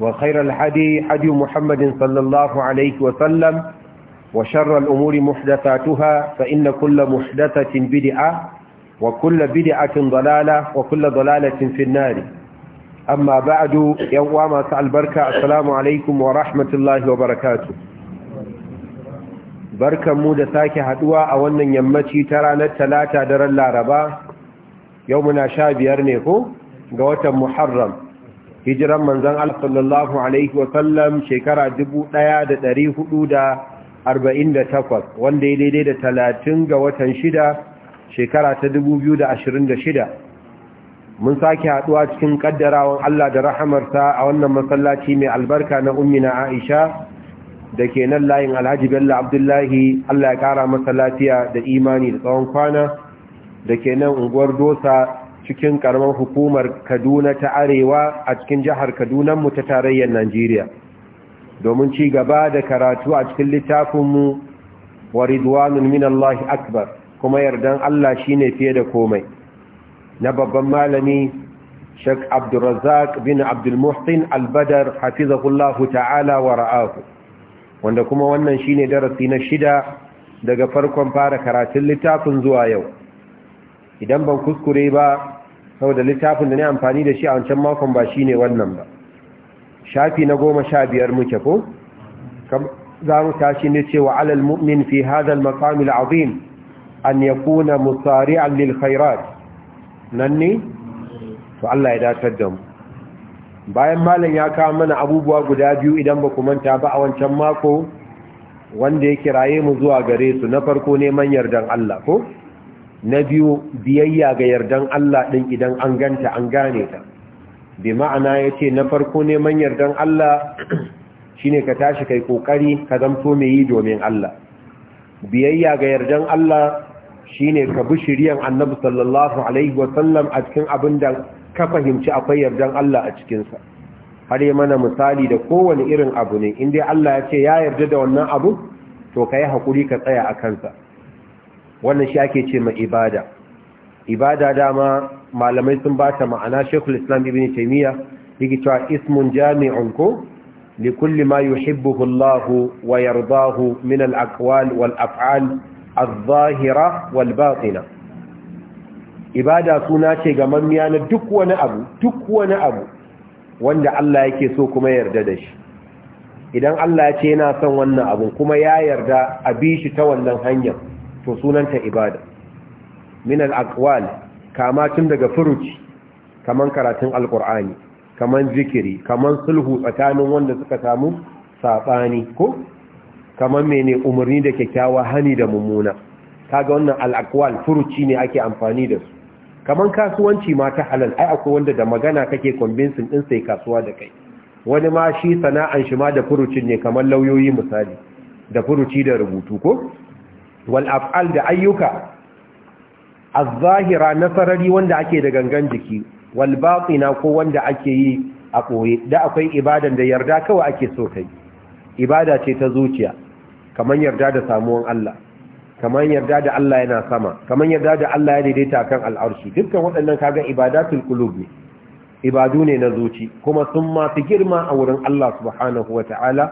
وخير الحدي حدي محمد صلى الله عليه وسلم وشر الأمور محدثاتها فإن كل محدثة بدعة وكل بدعة ضلالة وكل ضلالة في النار أما بعد يوم البركة السلام عليكم ورحمة الله وبركاته بركة مودة ساكي هدوى أولا يمتي ترانا التلاتة در اللاربا يومنا شابي أرنيه قوة محرم hijiran manzan Allah sallallahu alaihi wa sallam shekara 1448 wanda ya daidai da talatin ga watan shida shekara ta 2026 mun sake haɗuwa cikin kaddarawan Allah da rahamarsa a wannan masallaci mai albarka na ummina Aisha da ke nan layin Alhaji Bello Abdullahi Allah ya kara masa lafiya da imani da tsawon kwana da ke nan unguwar Dosa cikin karamar hukumar kaduna ta arewa a cikin jihar kadunanmu ta tarayyar najeriya domin ci gaba da karatu a cikin littafinmu wa ridwanun minallahi akbar kuma yardan allah shine fiye da komai na babban malami shek abdulrazak bin abdulmuhsin albadar hafizahullahu ta'ala wa ra'ahu wanda kuma wannan shine darasi na shida daga farkon fara karatun littafin zuwa yau idan ban kuskure ba saboda littafin da ne amfani da shi a wancan makon ba shi ne wannan ba shafi na goma sha biyar muke ko za mu tashi ne cewa alal mu'min fi hadal makamil azim an ya kuna musari'an lil khairat nan ne to Allah ya datar da mu bayan malam ya kawo mana abubuwa guda biyu idan ba ku manta ba a wancan mako wanda ya kiraye mu zuwa gare su na farko neman yardan Allah ko na biyu biyayya ga yardan Allah ɗin idan an ganta an gane ta bi ma'ana ya ce na farko neman yardan Allah ne ka tashi kai ƙoƙari ka zamto mai yi domin Allah biyayya ga yardan Allah shi ne ka bi shiryan annabi sallallahu alaihi wasallam a cikin abin da ka fahimci akwai yardan Allah a cikinsa har yi mana misali da kowane irin abu ne in dai Allah ya ce ya yarda da wannan abu to ka yi haƙuri ka tsaya a kansa wannan shi ake ce ma ibada ibada dama malamai sun ba ta ma'ana shekul islam ibn taimiyya yake cewa ismun jami'un ko li kulli ma yuhibbuhu Allah wa yardahu min al-aqwal wal af'al az-zahira, wal batina ibada suna ce ga mamiya na duk wani abu duk wani abu wanda Allah yake so kuma yarda da shi idan Allah ya ce yana son wannan abu kuma ya yarda a bi shi ta wannan hanyar to sunanta ibada min al-aqwal kama tun daga furuci kaman karatun alqur'ani kaman zikiri kaman sulhu tsakanin wanda suka samu sabani ko kaman mene umarni da kyakkyawa hani da mummuna kaga wannan al-aqwal furuci ne ake amfani da su kaman kasuwanci ma ta halal ai akwai wanda da magana kake convincing din sai kasuwa da kai wani ma shi sana'an shi ma da furucin ne kamar lauyoyi misali da furuci da rubutu ko wal af'al da ayyuka az-zahira na sarari wanda ake da gangan jiki wal ko wanda ake yi a ɓoye, da akwai ibadan da yarda kawai ake so kai ibada ce ta zuciya kaman yarda da samuwan Allah kaman yarda da Allah yana sama kaman yarda da Allah ya daidaita kan al'arshi dukkan waɗannan kaga ibadatul qulub ne ibadu ne na zuci kuma sun ma girma a wurin Allah subhanahu wata'ala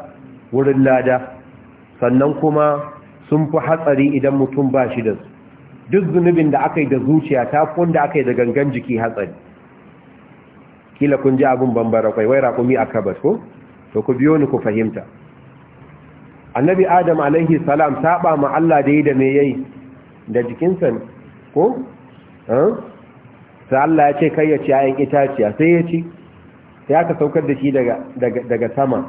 wurin lada sannan kuma sun fi hatsari idan mutum ba shi da su duk zunubin da aka yi da zuciya ta kun da aka yi da gangan jiki hatsari kila kun ji abin bambara kwai wai raƙumi a kabas ko to ku biyo ni ku fahimta annabi adam alaihi salam saba ma Allah da yi da me yayi da jikinsa ko sai Allah ya ce kai ya ci ayan itaciya sai ya ci sai aka saukar da shi daga sama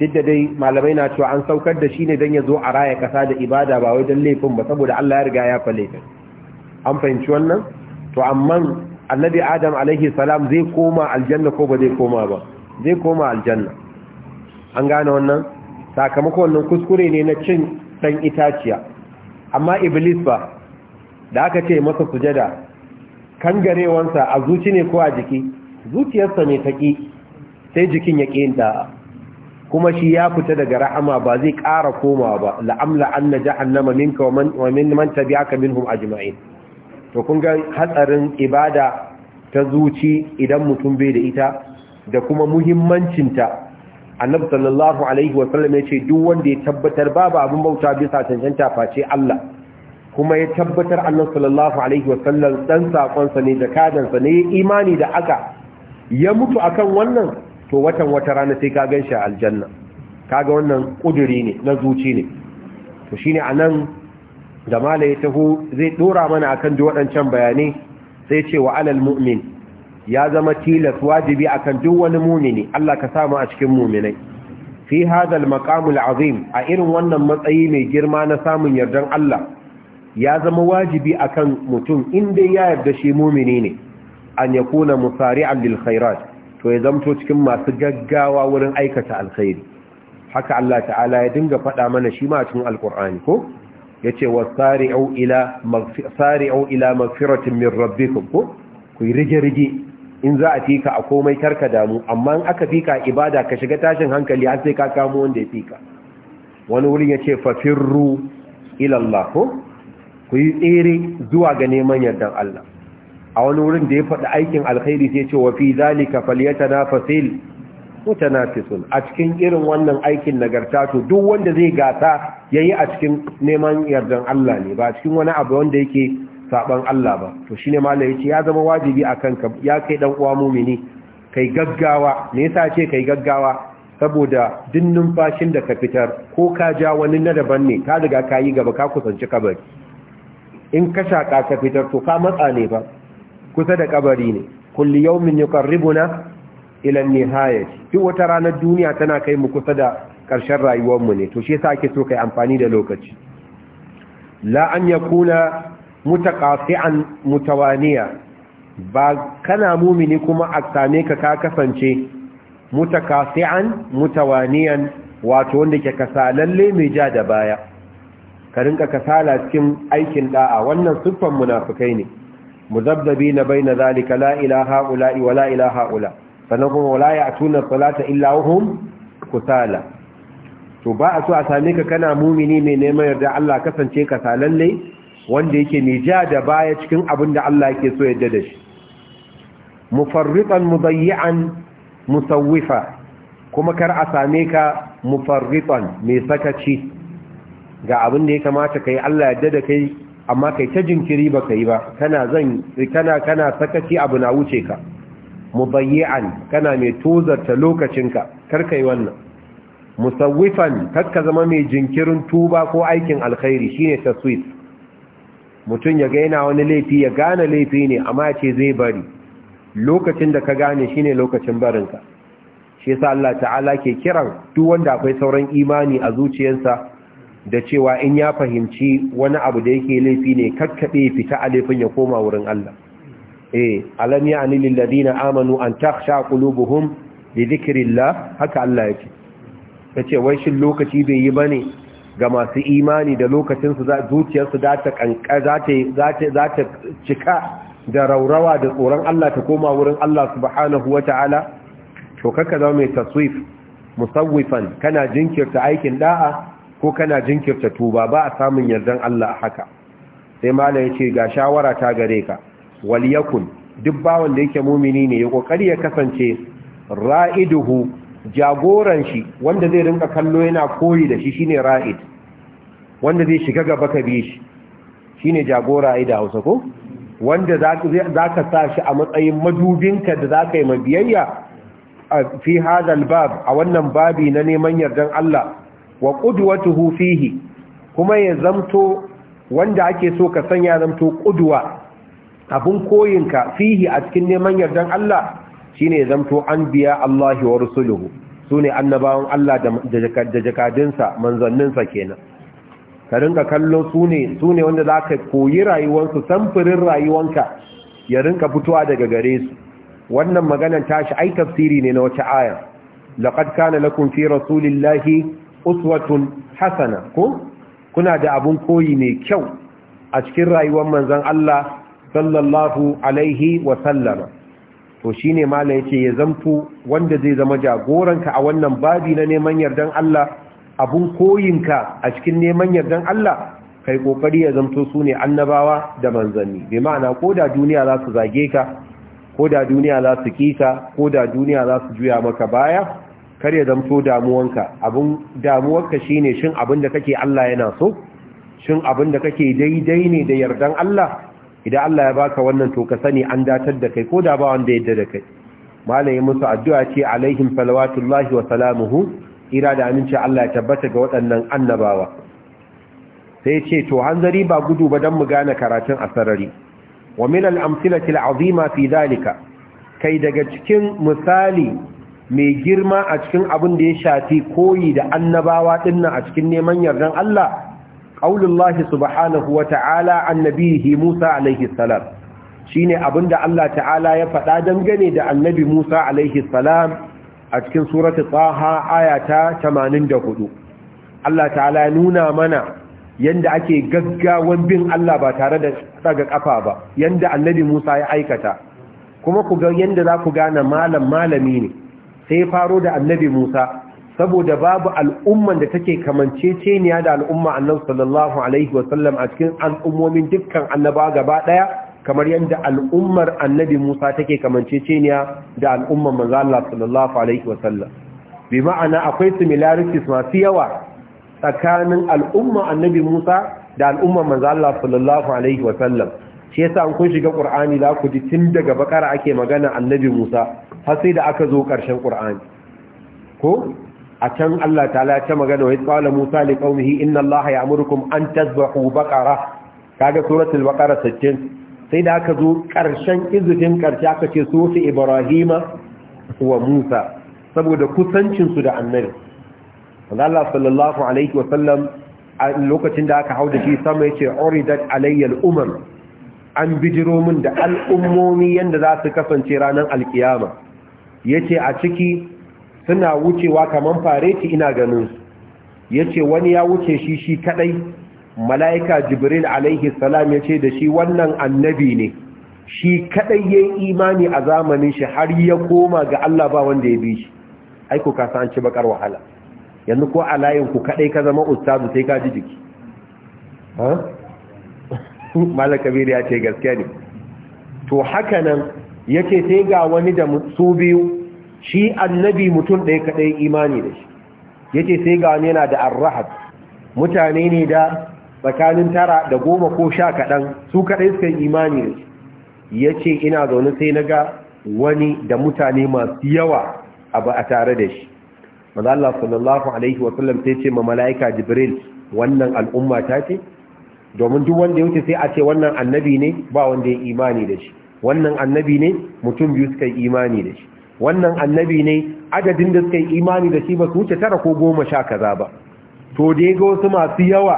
duk da dai malamai na cewa an saukar da shi ne don ya zo a raya kasa da ibada ba wajen laifin ba saboda Allah ya riga ya fale ta an fahimci wannan to amma annabi adam alaihi salam zai koma aljanna ko ba zai koma ba zai koma aljanna an gane wannan sakamakon wannan kuskure ne na cin san itaciya amma iblis ba da aka ce masa sujada kangarewansa a zuci ne ko a jiki zuciyarsa ne ta ƙi sai jikin ya ƙi yin kuma shi ya fita daga rahama ba zai ƙara komawa ba la'amla anna jahannama minka wa min man tabi'aka minhum ajma'in to kun ga hatsarin ibada ta zuci idan mutum bai da ita da kuma muhimmancinta annabi sallallahu alaihi wa sallam yace duk wanda ya tabbatar babu abin bauta bisa cancanta face Allah kuma ya tabbatar annabi sallallahu alaihi wa sallam dan sakon sa ne da kadan sa ne imani da aka ya mutu akan wannan to watan wata rana sai ka gan shi a aljanna kaga wannan kuduri ne na zuci ne to shine anan da mala ya taho zai dora mana akan duk waɗancan bayanai sai ce wa alal mu'min ya zama tilas wajibi akan duk wani mumini Allah ka samu a cikin muminai fi hadal maqamul azim a irin wannan matsayi mai girma na samun yardan Allah ya zama wajibi akan mutum inda ya yarda shi mumini ne an yakuna musari'an lil khairat to ya zamto cikin masu gaggawa wurin aikata alkhairi haka Allah ta'ala ya dinga faɗa mana shi ma cikin alkur'ani ko yace wasari'u ila masari'u ila magfiratin min rabbikum ko ku rige rige in za a fika a komai karka damu amma in aka fika ibada ka shiga tashin hankali har sai ka kamo wanda ya fika wani wurin yace fafirru ila Allah ko ku yi tsere zuwa ga neman yardan Allah a wani wurin da ya faɗi aikin alkhairi sai ce wa fi zalika falyatanafasil mutanafisun a cikin irin wannan aikin nagarta to duk wanda zai gasa yayi a cikin neman yardan Allah ne ba a cikin wani abu wanda yake saban Allah ba to shine malai yace ya zama wajibi akan ka ya kai dan uwa mumini kai gaggawa me yasa ce kai gaggawa saboda din numfashin da ka fitar ko ka ja wani na daban ne ka riga ka yi gaba ka kusanci kabari in ka shaka ka fitar to ka matsa ne ba kusa da kabari ne kulli yawmin yuqarribuna ila nihayati duk wata ranar duniya tana kai mu kusa da karshen rayuwar mu ne to shi yasa ake so kai amfani da lokaci la an yakuna mutaqati'an mutawaniya ba kana mumini kuma a same ka ka kasance mutakasi'an mutawaniyan wato wanda ke kasalalle mai ja da baya ka rinka kasala cikin aikin da'a wannan siffan munafukai ne muzabdabina na zalika na zalika iwa La'ila, la ilaha sannan kuma wala ya tuna salata illa Ku kusala to ba a so a same ka kana mumini mai neman yarda Allah kasance ka salalle wanda yake mai ja da baya cikin abin da Allah yake so yadda da shi mufarritan an musawwifa kuma kar a same ka mufarritan mai sakaci ga abin da ya kamata kai Allah yadda da kai amma kai ta jinkiri ba ka yi ba kana zan kana kana sakaci abu na wuce ka mubayyi'an kana mai tozarta lokacinka karkai wannan musawwifan kakka zama mai jinkirin tuba ko aikin alkhairi shine taswif mutum ya ga yana wani laifi ya gane laifi ne amma ce zai bari lokacin da ka gane shine lokacin barinka shi yasa Allah ta'ala ke kiran duk wanda akwai sauran imani a zuciyarsa da cewa in ya fahimci wani abu da yake laifi ne kakkabe fita a laifin ya koma wurin Allah eh alam ya lillazi na amanu an takhsha da zikirin la haka Allah yake ce wai shi lokaci bai yi ba ne ga masu imani da lokacinsu zuciyarsu za ta kanka za ta cika da raurawa da tsoron Allah ta koma wurin Allah subhanahu ta'ala? to kaka zama mai taswif musawwifan kana jinkirta aikin da'a ko kana jinkirta tuba ba a samun yardan Allah a haka sai malam ya ce ga shawara ta gare ka wal yakun duk bawan da yake mumini ne ya kokari ya kasance ra'iduhu jagoran shi wanda zai rinka kallo yana koyi da shi shine ra'id wanda zai shiga gaba ka bi shi shine jagora ai da Hausa ko wanda zaka sa shi a matsayin madubinka da zaka yi mabiyayya fi hadal bab a wannan babi na neman yardan Allah wa qudwatuhu fihi kuma ya zamto wanda ake so ka sanya zamto qudwa abun koyinka fihi a cikin neman yardan Allah shine ya zamto biya Allah wa rusuluhu sune annabawan Allah da jakadinsa manzanninsa kenan ka rinka kallo sune sune wanda ka koyi rayuwarsu samfurin rayuwanka ya rinka fitowa daga gare su wannan maganar tashi ai tafsiri ne na wata aya laqad kana lakum fi rasulillahi uswatun hasana ko kuna da abun koyi mai kyau a cikin rayuwar manzon Allah sallallahu alaihi wa sallama to shine mala yace ya zamto wanda zai zama jagoranka a wannan babi na neman yardan Allah abun koyinka a cikin neman yardan Allah kai kokari ya zamto sune annabawa da manzanni bi ma'ana koda duniya za su zage ka koda duniya za su kika koda duniya za su juya maka baya kar ya zamto damuwanka abin damuwarka shine shin abin da kake Allah yana so shin abin da kake daidai ne da yardan Allah idan Allah ya baka wannan to ka sani an datar da kai ko da ba wanda yadda da kai malaye musu addu'a ce alaihim salawatullahi wa salamuhu ira da aminci Allah ya tabbata ga waɗannan annabawa sai ce to hanzari ba gudu ba don mu gane karatun asarari wa min al-amsilati al-azima fi dalika kai daga cikin misali mai girma a cikin abin da ya shafi koyi da annabawa dinnan a cikin neman yardan Allah qaulullahi subhanahu wa ta'ala annabihi Musa alaihi salam shine abin da Allah ta'ala ya faɗa dangane da annabi Musa alaihi salam a cikin suratu Taha ayata 84 Allah ta'ala ya nuna mana yanda ake gaggawan bin Allah ba tare da tsaga kafa ba yanda annabi Musa ya aikata kuma ku ga yanda za ku gane malam malami ne sai ya faro da annabi Musa saboda babu al'umman da take kamanceceniya da al'umma annabi sallallahu alaihi wasallam a cikin al'ummomin dukkan annaba gaba daya kamar yadda al'ummar annabi Musa take kamanceceniya da al'umman manzo Allah sallallahu alaihi wasallam bi ma'ana akwai similarities masu yawa tsakanin al'umma annabi Musa da al'umman manzo Allah sallallahu alaihi wasallam shi yasa an kun shiga Qur'ani za ku ji tun daga bakara ake magana annabi Musa har sai da aka zo ƙarshen ƙur'ani ko a can Allah ta'ala ta magana wa qala Musa li qaumihi inna Allah ya'murukum an tazbahu baqara kaga suratul baqara 60 sai da aka zo ƙarshen izudin ƙarshe aka ce sufi Ibrahima wa Musa saboda kusancin su da annabi Allah sallallahu alaihi wa sallam a lokacin da aka hau da shi sama yace uridat alayya al-umam an bijiro min da al'ummomi yanda za su kasance ranar alkiyama Ya ce a ciki suna wucewa kaman fareti ina ganin su ce wani ya wuce shi shi kadai mala'ika jibril alaihi salam ce da shi wannan annabi ne shi kadai ya imani a zamanin shi har ya koma ga Allah ba wanda ya bi shi ai ka san ci bakar wahala yanzu ko a layinku kadai ka zama ustazu sai ka ji jiki ha malaka ya ce gaskiya ne to haka nan yace sai ga wani da su biyu shi annabi mutum ɗaya kaɗai imani da shi yake sai ga wani yana da arrahat mutane ne da tsakanin tara da goma ko sha kaɗan su kaɗai suka yi imani da shi yace ina zaune sai na ga wani da mutane masu yawa ba a tare da shi maza Allah sallallahu alaihi wasallam sai ce ma mala'ika jibril wannan al'umma ta ce domin duk wanda ya wuce sai a ce wannan annabi ne ba wanda ya imani da shi wannan annabi ne mutum biyu suka yi imani da shi wannan annabi ne adadin da suka yi imani da shi ba su wuce tara ko goma sha kaza ba to da ga wasu masu yawa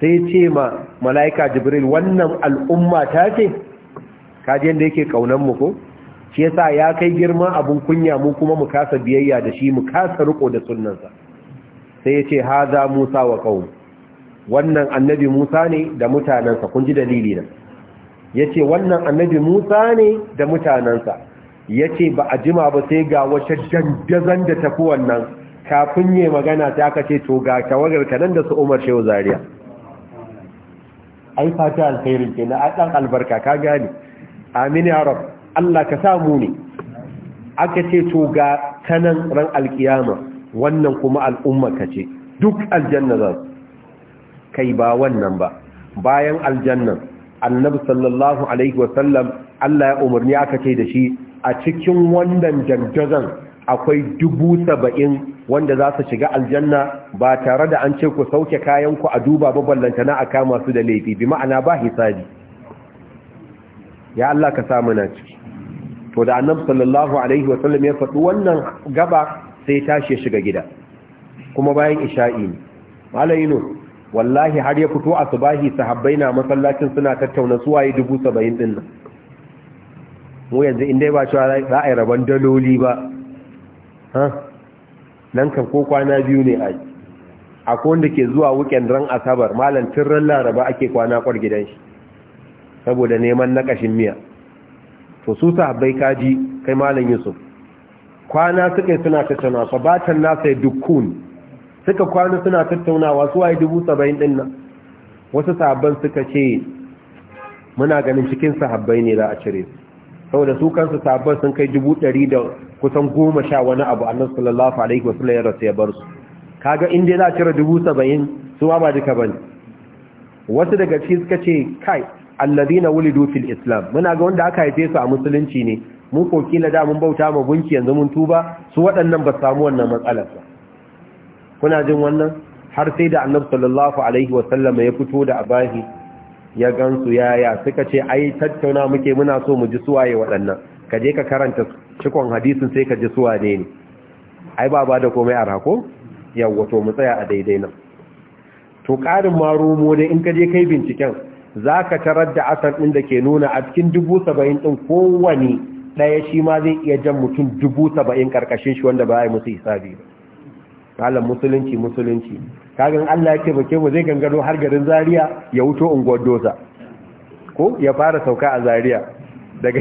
sai ce ma mala'ika jibril wannan al'umma ta ce kaji yadda yake kaunan mu ko shi yasa ya kai girma abun kunya mu kuma mu kasa biyayya da shi mu kasa riko da sunnansa sai ya ce haza musa wa kawo wannan annabi musa ne da mutanensa kun ji dalili na. Ya ce wannan annabi Musa ne da mutanansa ce ba a jima ba sai ga wata dandazan da tafi wannan kafin yi magana ta aka ce to ga tawagar ka nan da su Umar Shehu Zariya. ai fata alkhairin kenan a ɗan albarka ka gane amin ya rab Allah ka samu ne aka ce to ga kanan ran alkiyama wannan kuma al'umma ka ce duk aljanna za kai ba wannan ba bayan aljannan annabi sallallahu alaihi wasallam Allah ya umarni aka ce da shi a cikin wannan janjazan akwai dubu saba'in wanda za su shiga aljanna ba tare da an ce ku sauke kayanku a duba ba na a kama su da laifi bi ma'ana ba hisabi ya Allah ka samu na ciki to da annabi sallallahu alaihi wasallam ya faɗi wannan gaba sai tashi ya shiga gida kuma bayan isha'i ne malam wallahi har ya fito a subahi sahabbai na masallacin suna tattauna suwaye dubu saba'in din nan mu yanzu inda ba cewa za a yi rabon daloli ba nan kan ko kwana biyu ne a akwai wanda ke zuwa wuken ran asabar malam ran laraba ake kwana kwar gidan shi saboda neman kashin miya to su sahabbai kaji kai malam yusuf kwana suka suna tattauna sabatan nasa ya dukkun suka kwana suna tattaunawa su waye dubu saba'in din nan wasu sahabban suka ce muna ganin cikin sahabbai ne za a cire su saboda su kansu sahabban sun kai dubu ɗari da kusan goma sha wani abu annabi sallallahu alaihi wasallam ya rasu ya bar su kaga inda za a cire dubu saba'in su ma ba duka bane wasu daga ciki suka ce kai alladhina wulidu fil islam muna ga wanda aka haife su a musulunci ne mu ko kila da mun bauta ma gunki yanzu mun tuba su waɗannan ba samu wannan matsalar ba kuna jin wannan har sai da annabi sallallahu alaihi ya fito da abahi ya gansu yaya suka ce ai tattauna muke muna so mu ji suwaye waɗannan ka je ka karanta cikon hadisin sai ka ji suwa ne ne, ai ba ba da komai a rako? yawwa to mu tsaya a daidai nan to ƙarin ma rumo dai in ka je kai binciken za ka tarar da asar ɗin da ke nuna a cikin dubu saba'in ɗin kowane ɗaya shi ma zai iya jan mutum dubu saba'in ƙarƙashin shi wanda ba ya musu hisabi ba malam musulunci musulunci kagan Allah ya ke mu zai gangaro har garin Zaria ya wuto unguwar ko ya fara sauka a Zariya. daga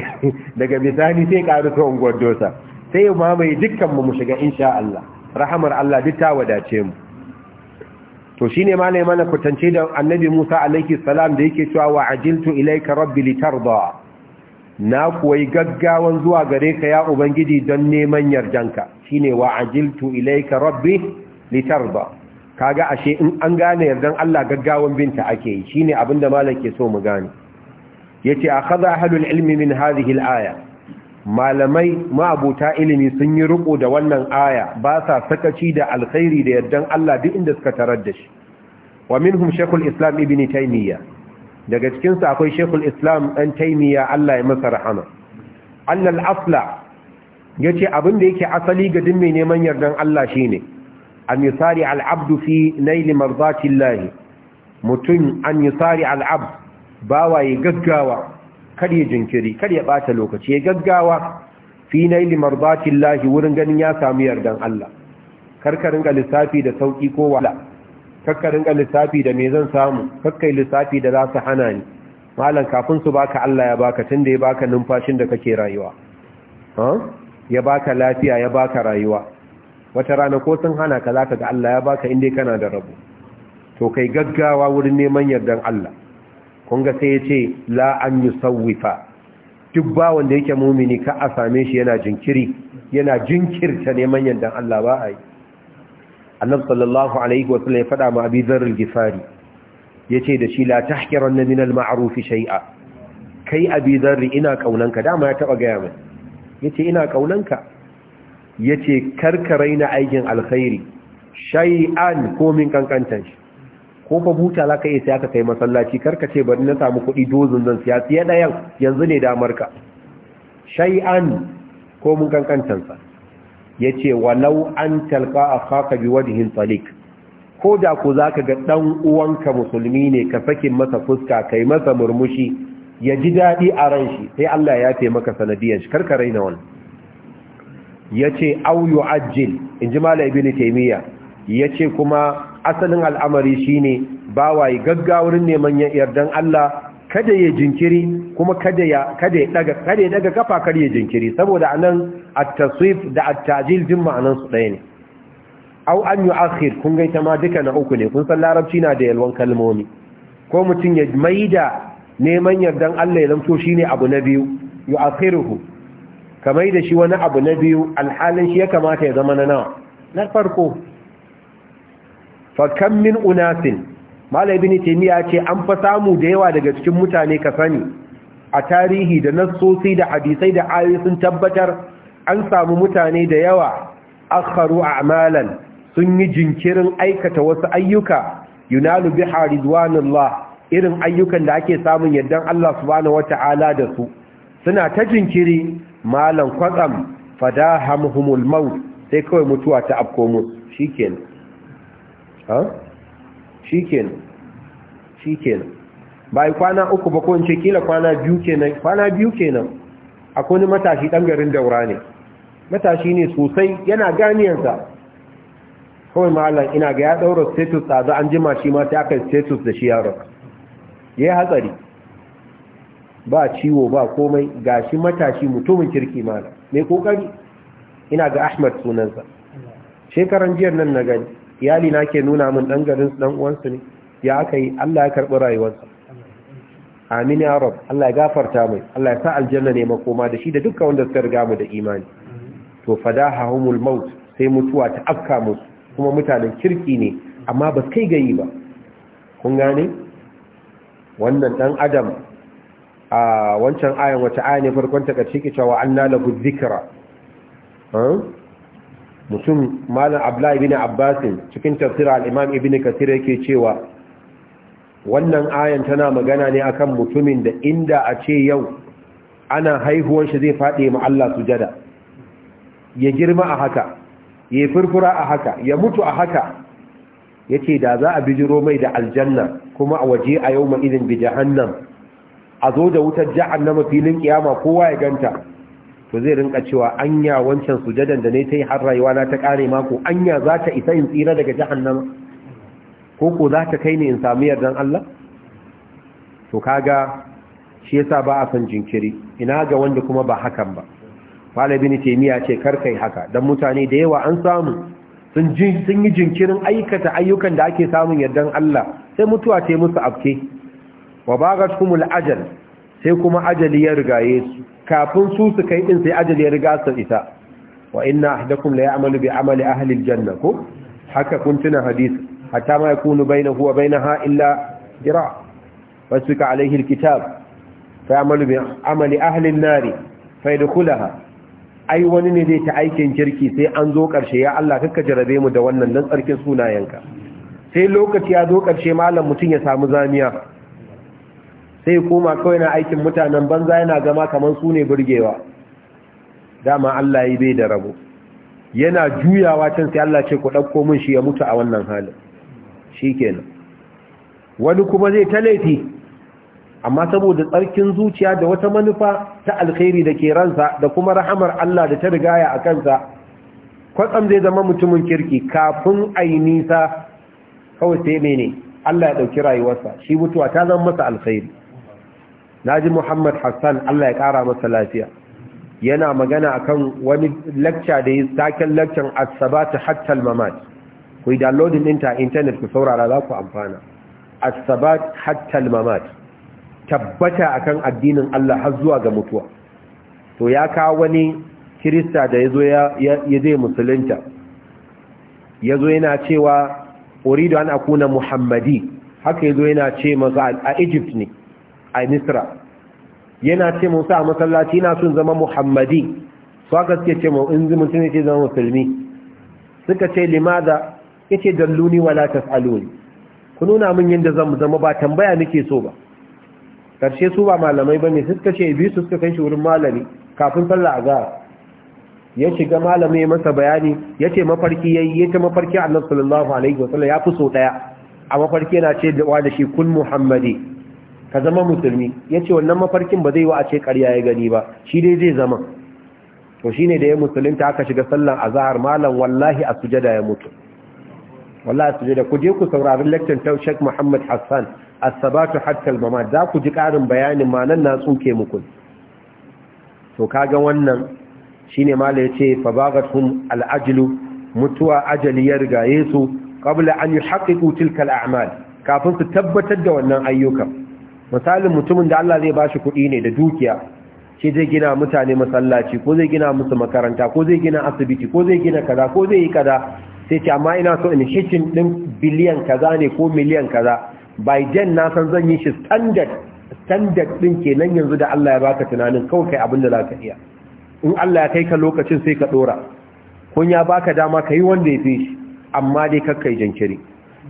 daga misali sai karu ta unguwar sai ya mamaye dukkan mu shiga insha Allah rahamar Allah duk ta wadace mu to shine malai mana kutance da annabi Musa alaihi salam da yake cewa wa ajiltu ilayka rabbi litarda na kuwa yi gaggawan zuwa gare ka ya ubangiji don neman yardanka shine wa ajiltu ilaika rabbi litarba kaga ashe in an gane yardan Allah gaggawan binta ake yi shi shine abinda malam ke so mu gane Ya yace akhadha ahlul ilmi min hazihil aya malamai ma'abuta ilimi sun yi riko da wannan aya ba sa sakaci da alkhairi da yardan Allah duk inda suka tarar da shi wa minhum shaykhul islam ibn taimiyya. daga cikinsu akwai shekul islam ɗan taimiyya allah ya masa rahama al asla ya ce abinda yake asali ga dimme neman yardan allah shi ne an yi tsari al'abdu fi naili marzacin lahi mutum an yi tsari Ba wa ya gaggawa kar ya jinkiri kar ya ɓata lokaci ya gaggawa fi naili marzacin lahi wurin ganin ya samu yardan allah karkarin ga lissafi da sauƙi ko wala kakka ka lissafi da me zan samu kakkai lissafi da za su hana ni malam kafin su baka Allah ya baka tun da ya baka numfashin da kake rayuwa ya baka lafiya ya baka rayuwa wata rana ko sun hana ka zaka ga Allah ya baka inda kana da rabo to kai gaggawa wurin neman yardan Allah kun ga sai ya ce la an yusawifa duk ba wanda yake mumini ka a same shi yana jinkiri yana jinkirta neman yardan Allah ba ai yi annabi sallallahu alaihi wa sallam ya faɗa ma abi zarrul gifari yace da shi la tahqiranna min al ma'ruf shay'a kai abi ina kaunanka dama ya taba gaya mai yace ina kaunanka yace karkarai aikin alkhairi shay'an ko min kankantan shi ko fa buta la kai sai aka kai masallaci karkace bari na samu kuɗi dozin zan siya siya dayan yanzu ne damar ka shay'an ko min kankantan sa yace walau an talqa akhaka biwajhin talik ko da ku zaka ga dan uwanka musulmi ne ka sakin masa fuska kai masa murmushi ya ji dadi a ran shi sai Allah ya yafe maka sanadiyan shi karka raina wannan yace aw yu'ajjil inji malai ibn taymiya yace kuma asalin al'amari shine bawaye gaggawar neman yardan Allah kada ya jinkiri kuma kada ya kada ya daga kada ya daga kafa kar ya jinkiri saboda anan at-taswif da at-ta'jil din ma'anan su ɗaya ne au an yu'akhir kun ga ita ma duka na uku ne kun san larabci na da yalwan kalmomi ko mutum ya maida neman yardan Allah ya zanto shine abu na biyu yu'akhiruhu ka maida shi wani abu na biyu alhalin shi ya kamata ya zama na nawa na farko fa kam min unasin mala Bin Taimiya ce an fa samu da yawa daga cikin mutane ka sani a tarihi da nassosi da hadisai da ayoyi sun tabbatar an samu mutane da yawa akharu a'malan sun yi jinkirin aikata wasu ayyuka yunalu biha ridwanullah irin ayyukan da ake samun yardan Allah subhanahu wataala da su suna ta jinkiri malan kwatsam fadahamhumul maut sai kawai mutuwa ta afko mu shikenan ha shikenan shikenan bai kwana uku ba ko in ce kila kwana biyu kenan kwana biyu kenan akwai wani matashi dan garin daura ne matashi ne sosai yana ganiyarsa kawai Mallam ina ga ya daura status tsaza an jima shi ma sai aka status da shi Ya yayi hatsari ba ciwo ba komai gashi matashi mutumin kirki malam mai kokari ina ga Ahmad sunansa shekaran jiyar nan na gani iyali na ke nuna min dan garin su dan uwansu ne ya aka yi Allah ya karbi rayuwarsa amin ya rab Allah ya gafarta mai Allah ya sa aljanna ne makoma da shi da dukkan wanda suka riga mu da imani to fadahahumul maut sai mutuwa ta afka musu kuma mutanen kirki ne amma ba kai gayi ba kun gane wannan dan adam a wancan ayan wata aya ne farkon ta kace ke cewa anna mutum malam abla ibn abbasin cikin tafsir al-imam ibn kasir yake cewa wannan ayan tana magana ne akan mutumin da inda a ce yau ana haihuwar shi zai faɗi ma Allah sujada ya girma a haka ya furfura a haka ya mutu a haka yace da za a bijiro mai da aljanna kuma a waje a yau ma idin bi jahannam a zo da wutar jahannama filin kiyama kowa ya ganta to zai rinka cewa anya wancan sujadan da ne ta yi har rayuwa na ta kare mako anya za ta isa in tsira daga jahannama ko ko za ta kai ni in samu yardan Allah to kaga shi yasa ba a san jinkiri ina ga wanda kuma ba hakan ba bin taymiya ce kar kai haka dan mutane da yawa an samu sun yi jinkirin aikata ayyukan da ake samun yardan Allah sai mutuwa ta musu afke wa bagatkumul ajal sai kuma ajali ya rigaye su kafin su su kai din sai ajali ya riga su isa wa inna ahdakum la ya'malu bi amali ahli aljanna ko haka kun tuna hadisi hatta ma yakunu bainahu wa bainaha illa jira wasuka alaihi alkitab fa ya'malu bi amali ahli an-nari fa yadkhulaha ai wani ne zai ta aikin kirki sai an zo ƙarshe ya Allah kakka jarabe mu da wannan dan tsarkin sunayenka sai lokaci ya zo ƙarshe malam mutum ya samu zamiya sai koma kawai na aikin mutanen banza yana gama kamar su ne burgewa dama Allah yi bai da rabo yana juyawa can sai Allah ce ku ɗauko min shi ya mutu a wannan halin shi kenan wani kuma zai ta laifi amma saboda tsarkin zuciya da wata manufa ta alkhairi da ke ransa da kuma rahamar Allah da ta rigaya a kansa kwatsam zai zama mutumin kirki kafin a yi nisa kawai sai mene Allah ya ɗauki rayuwarsa shi mutuwa ta zama masa alkhairi Na ji Muhammad Hassan Allah ya kara masa lafiya yana magana akan wani lecture da yi taken lecture as-sabat hatta al-mamat ku downloading din ta internet ku saurara za ku amfana Asabat sabat hatta al-mamat tabbata akan addinin Allah har zuwa ga mutuwa to ya kawo wani kirista da yazo ya ya zai musulunta yazo yana cewa uridu an akuna muhammadi haka yazo yana ce masa a Egypt ne a misra yana ce musa a masallaci na sun zama muhammadi su aka suke ce ma in mutum ya ce zama musulmi suka ce limada ya ce dalluni wala aluni, ku nuna min yadda da zama ba tambaya nake so ba karshe su ba malamai ba ne suka ce biyu su suka kai shi wurin malami kafin sallah a gara ya shiga malamai masa bayani ya ce mafarki ya yi ta mafarki Allah sallallahu alaihi wasallam ya fi so daya a mafarki yana ce da wa da shi kun muhammadi ka zama musulmi ya ce wannan mafarkin ba zai wa a ce karya ya gani ba shi dai zai zama to shi ne da ya musulunta aka shiga sallan azahar malam wallahi a sujada ya mutu wallahi a sujada ku je ku saurari lakcin ta shek muhammad hassan asabatu hatta mama za ku ji karin bayanin ma nan na tsuke muku to kaga wannan shine mala yace fa bagatum al'ajilu mutuwa ajali ya rigaye su qabla an yuhaqqiqu tilkal al'amal kafin su tabbatar da wannan ayyukan misalin mutumin da Allah zai bashi kuɗi ne da dukiya shi zai gina mutane masallaci ko zai gina musu makaranta ko zai gina asibiti ko zai gina kaza ko zai yi kaza sai ce amma ina so in kitchen din biliyan kaza ne ko miliyan kaza by then na san zan yi shi standard standard din kenan yanzu da Allah ya baka tunanin kawai kai abin da zaka iya in Allah ya kai ka lokacin sai ka dora kun ya baka dama ka yi wanda ya fi shi amma dai kakkai jinkiri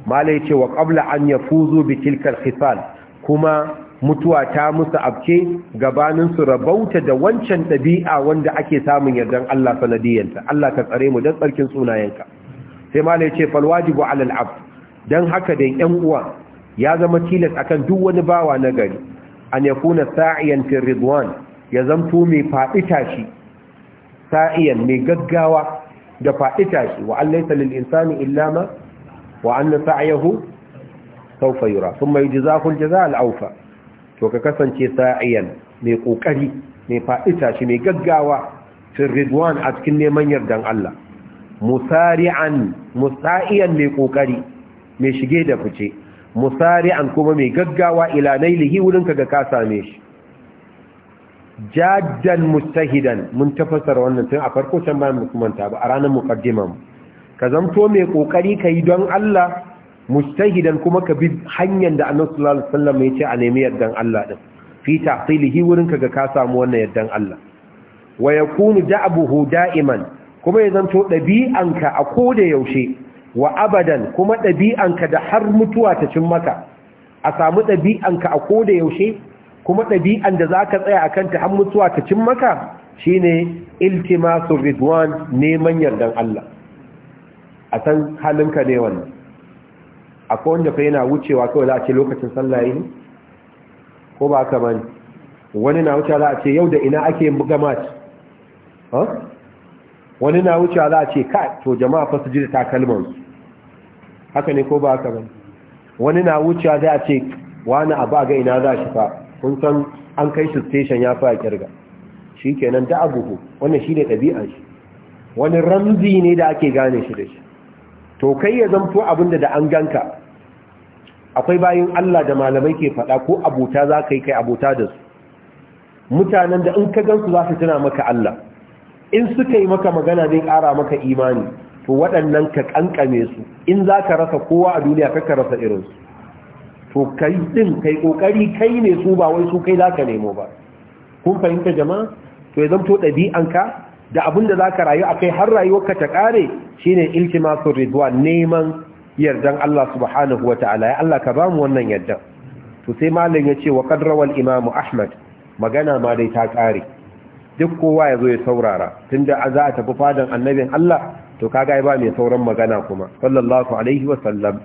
malai ce wa qabla an yafuzu bi tilkal khisal kuma mutuwa ta musu abke gabanin su rabauta da wancan ɗabi'a wanda ake samun yardan Allah sanadiyyanta Allah ka tsare mu don tsarkin sunayenka sai ma ya ce falwajibu alal abd dan haka da yan uwa ya zama tilas akan duk wani bawa na gari an yakuna sa'iyan fi ridwan ya zamto mai faɗi tashi sa'iyan mai gaggawa da faɗi tashi wa an lil insani illa ma wa anna sa'yahu sawfa yura thumma yujzahu al-jazaa al to ka kasance sa'iyan mai kokari mai fa'ita shi mai gaggawa fil ridwan a cikin neman yardan Allah musari'an musa'iyan mai kokari mai shige da fice musari'an kuma mai gaggawa ila nailihi wurin ka ga ka same shi jaddan mustahidan mun tafasar wannan tun a farko can bayan mutumanta ba a ranar muqaddiman ka zamto mai kokari kai don Allah mustahidan kuma ka bi hanyar da annabi sallallahu alaihi wasallam ya ce a nemi yardan Allah din fi tahsilihi wurin ka ga ka samu wannan yardan Allah wa yakunu da'buhu da'iman kuma ya zanto dabi'anka a koda yaushe wa abadan kuma dabi'anka da har mutuwa ta cin maka a samu dabi'anka a koda yaushe kuma dabi'an da zaka tsaya akan ta har mutuwa ta cin maka shine iltimasu ridwan neman yardan Allah a san halinka ne wannan akwai wanda kai na wucewa kawai za a ce lokacin sallah yi ko ba ka bane wani na wucewa za a ce yau da ina ake gama ci wani na wucewa za a ce ka to jama'a fa su ji da takalman su haka ne ko ba ka bane wani na wucewa za a ce wani abu a ga ina za shi fa kun san an kai shi station ya fa kirga shikenan da abubu wannan shine ɗabi'ar shi wani ramzi ne da ake gane shi da shi to kai ya zanto abinda da an ganka akwai bayin Allah da malamai ke faɗa ko abota za ka yi kai abota da su mutanen da in ka gansu za su tuna maka Allah in suka yi maka magana zai ƙara maka imani to waɗannan ka ƙanƙame su in za ka rasa kowa a duniya ka rasa irinsu to kai ɗin kai ƙoƙari kai ne su ba wai su kai za ka nemo ba kun fahimta jama'a to ya zamto ɗabi'anka da abin da za ka rayu a kai har rayuwarka ta ƙare shi ne iltimasun ridwa neman yardan Allah subhanahu wa ta'ala ya Allah ka ba mu wannan yardan to sai malam ya ce wa kadrawal imamu ahmad magana ma dai ta ƙare duk kowa ya zo ya saurara tun da za a tafi fadan annabin Allah to kaga ba mai sauran magana kuma sallallahu alaihi wa sallam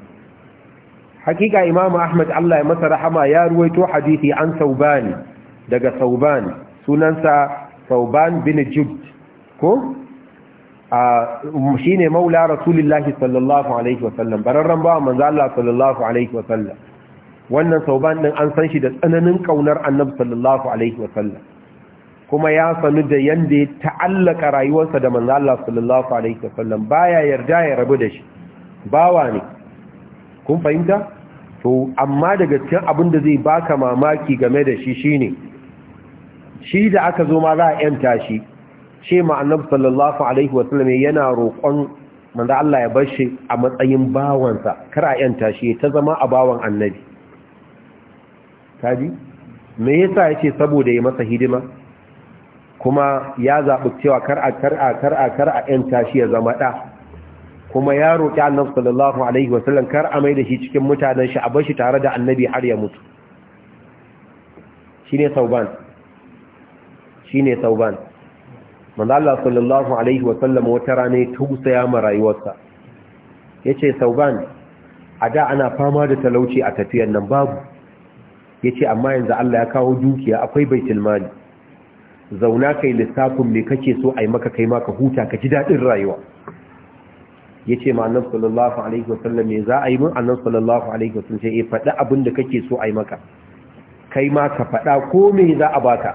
hakika imamu ahmad Allah ya masa rahama ya ruwaito hadisi an saubani daga Sa'uban sunansa sauban bin jubt ko shi ne maula rasulillahi sallallahu alaihi wasallam bararren ba manzo Allah sallallahu alaihi wasallam wannan sauban din an san shi da tsananin kaunar annabi sallallahu alaihi wasallam kuma ya sanu da yanda ya ta'allaka rayuwarsa da manzo Allah sallallahu alaihi wasallam baya yarda ya rabu da shi bawa ne kun fahimta to amma daga cikin abin da zai baka mamaki game da shi shine shi da aka zo ma za a yanta shi ce ma annabi sallallahu alaihi wasallam yana roƙon manzo Allah ya bar shi a matsayin bawansa kar a yanta shi ta zama a bawan annabi kaji me yasa yace saboda ya masa hidima kuma ya zaɓi cewa kar a kar a kar a kar a yanta shi ya zama ɗa kuma ya roƙi annabi sallallahu alaihi wasallam kar a mai da shi cikin mutanen shi a bar shi tare da annabi har ya mutu shine sauban shine sauban manzo Allah sallallahu alaihi wa sallam wata rana ya tausaya ma rayuwarsa yace sauban a da ana fama da talauci a tafiyar nan babu yace amma yanzu Allah ya kawo dukiya akwai baitul mali zauna kai lissafin me kake so ai maka kai maka huta ka ji dadin rayuwa yace ma annabi sallallahu alaihi wa sallam me za a yi min annabi sallallahu alaihi wa sallam eh faɗi abin da kake so ai maka kai ma ka faɗa ko me za a baka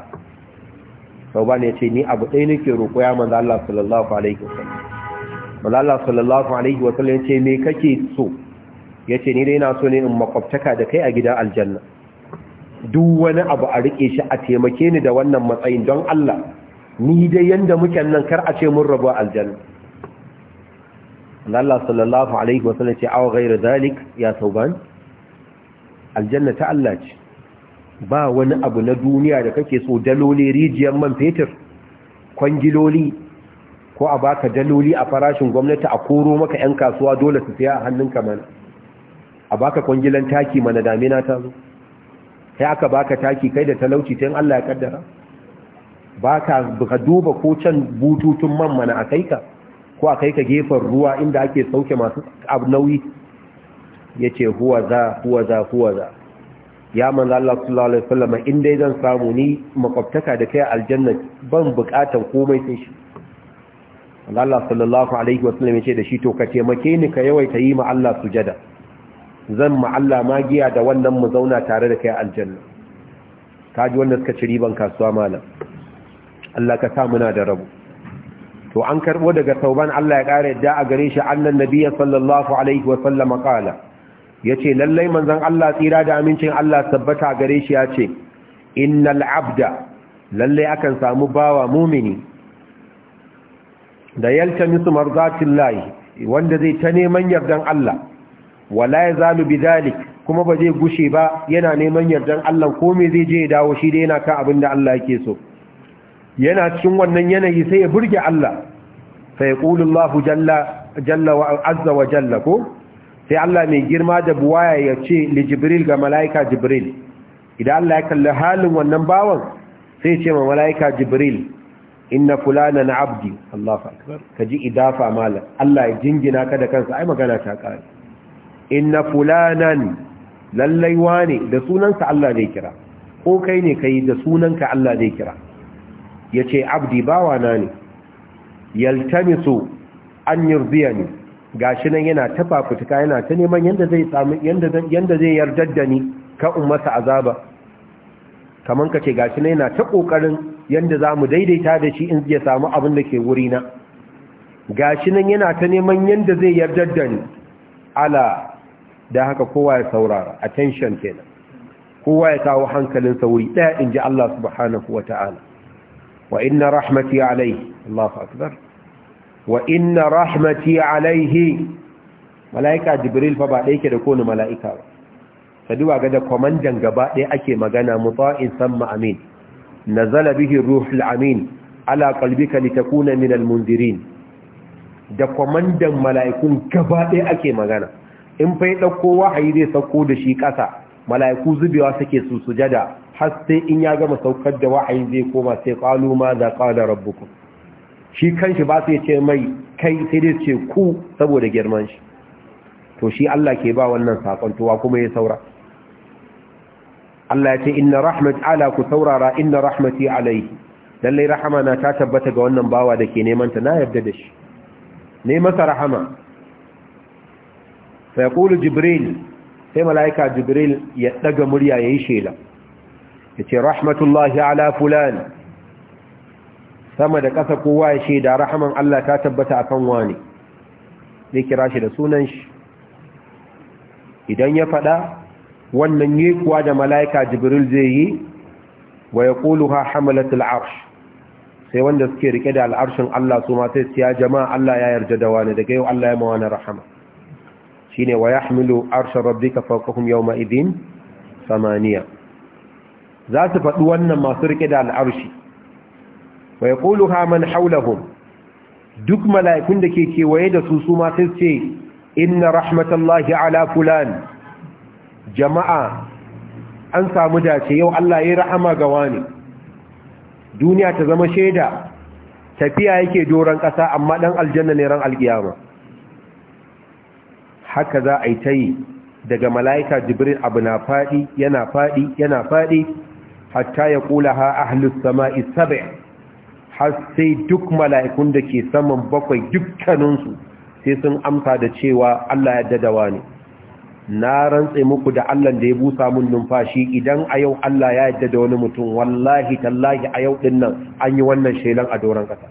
sauban ya ce ni abu ɗaya nake roƙo ya manzo Allah sallallahu alaihi wasallam manzo Allah sallallahu alaihi wasallam ya ce me kake so Ya ce ni dai na so ne in makwabtaka da kai a gidan aljanna duk wani abu a riƙe shi a taimake ni da wannan matsayin don Allah ni dai yanda muke nan kar a ce mun rabu aljanna Allah sallallahu alaihi wasallam ya ce awa ghayr zalik ya sauban aljanna ta Allah ce ba wani abu na duniya da kake so daloli rijiyar man fetur kwangiloli ko a baka daloli a farashin gwamnati a koro maka 'yan kasuwa dole su siya a hannunka mana a baka kwangilan taki mana damina ta zo sai aka baka taki kai da talauci ta yin Allah ya kaddara ba ka duba ko can bututun man mana a kai ka ko a kai ka gefen ruwa inda ake sauke masu nauyi ya ce huwa za huwa za huwa za ya manzo Allah sallallahu alaihi wasallam in dai zan samu ni makwabtaka da kai aljanna ban bukatan komai sai shi Allah sallallahu alaihi wasallam ya ce da shi to ka taimake ni ka yawaita yi ma Allah sujada zan ma Allah magiya da wannan mu zauna tare da kai aljanna kaji wanda suka ci riban kasuwa malam Allah ka sa muna da rabu to an karbo daga tauban Allah ya kare da a gare shi annan nabiyyi sallallahu alaihi wasallam qala ya ce lallai manzan Allah tsira da amincin Allah sabbata gare shi ya ce innal abda lallai akan samu bawa mumini da yalta misu marzatin layi wanda zai ta neman yardan Allah wala ya zalu bidalik kuma ba zai gushe ba yana neman yardan Allah ko me zai je ya dawo shi da yana kan abin da Allah yake so yana cikin wannan yanayi sai ya burge Allah fa yaqulu Allahu jalla jalla wa azza wa jalla ko sai Allah mai girma da buwaya ya ce li jibril ga mala'ika jibril idan Allah ya kalli halin wannan bawan sai ce ma mala'ika jibril inna fulana na abdi Allah akbar ka ji idafa malam Allah ya jingina ka da kansa ai magana ta kare inna fulanan lallai wani da sunansa Allah zai kira ko kai ne kai da sunanka Allah zai kira yace abdi bawana ne yaltamisu an yurdiyani gashi nan yana ta fafutuka yana ta neman yadda zai samu zai yardar da ni ka in masa azaba ka kace gashi nan yana ta kokarin za zamu daidaita da shi in ya samu abin da ke wuri na gashi nan yana ta neman yadda zai yardar da ni ala da haka kowa ya saurara attention kenan kowa ya kawo hankalin sauri ɗaya in ji Allah subhanahu wataala wa inna rahmati alayhi Allahu akbar wa inna rahmati alaihi mala'ika jibril fa ba ɗaya ke da kone mala'ika ba saduwa ga da kwamandan gaba ɗaya ake magana mutsa'in samma amin na zalabihin ruhul amin ala kalbika Kuna min almunzirin da kwamandan mala'ikun gaba ɗaya ake magana in fai ɗauko wahayi zai sauko da shi ƙasa mala'iku zubewa suke su sujada har sai in ya gama saukar da wahayin zai koma sai ƙalu ma za ƙala shi kanshi ba su ce mai kai sai dai ce ku saboda girman shi to shi Allah ke ba wannan sakontowa kuma ya saura Allah ya ce inna rahmat ala ku saurara inna rahmati alaihi lalle rahama na ta tabbata ga wannan bawa da ke neman ta na yarda da shi ne masa rahama sai yaqulu jibril sai malaika jibril ya daga murya yayi shela yace rahmatullahi ala fulan sama da ƙasa kowa ya shaida rahaman Allah ta tabbata akan wani zai kira shi da sunan shi idan ya faɗa wannan yi kuwa da mala'ika jibril zai yi wa ya ƙuluha hamalatul sai wanda suke rike da al'arshin Allah su mata ya jama'a Allah ya yarda da wani daga yau Allah ya mawa na rahama shi ne wa ya hamilu arshin rabbi ka faƙahun yau ma'idin samaniya za su faɗi wannan masu rike da al'arshi wa yaquluha man hawlahum duk mala'ikun da ke kewaye da su su ma ce inna rahmatallahi ala fulan jama'a an samu dace yau Allah ya rahama ga wani duniya ta zama shaida tafiya yake doron ƙasa amma ɗan aljanna ne ran alƙiyama haka za a yi ta yi daga mala'ika jibril abu na faɗi yana faɗi yana faɗi hatta ya ƙula ha ahlus sama'i sabai har sai duk mala'ikun da ke saman bakwai dukkaninsu sai sun amsa da cewa Allah ya dadawa ne na rantse muku da Allah da ya busa mun numfashi idan a yau Allah ya yadda da wani mutum wallahi tallahi a yau ɗin nan an yi wannan shelan a doron ƙasa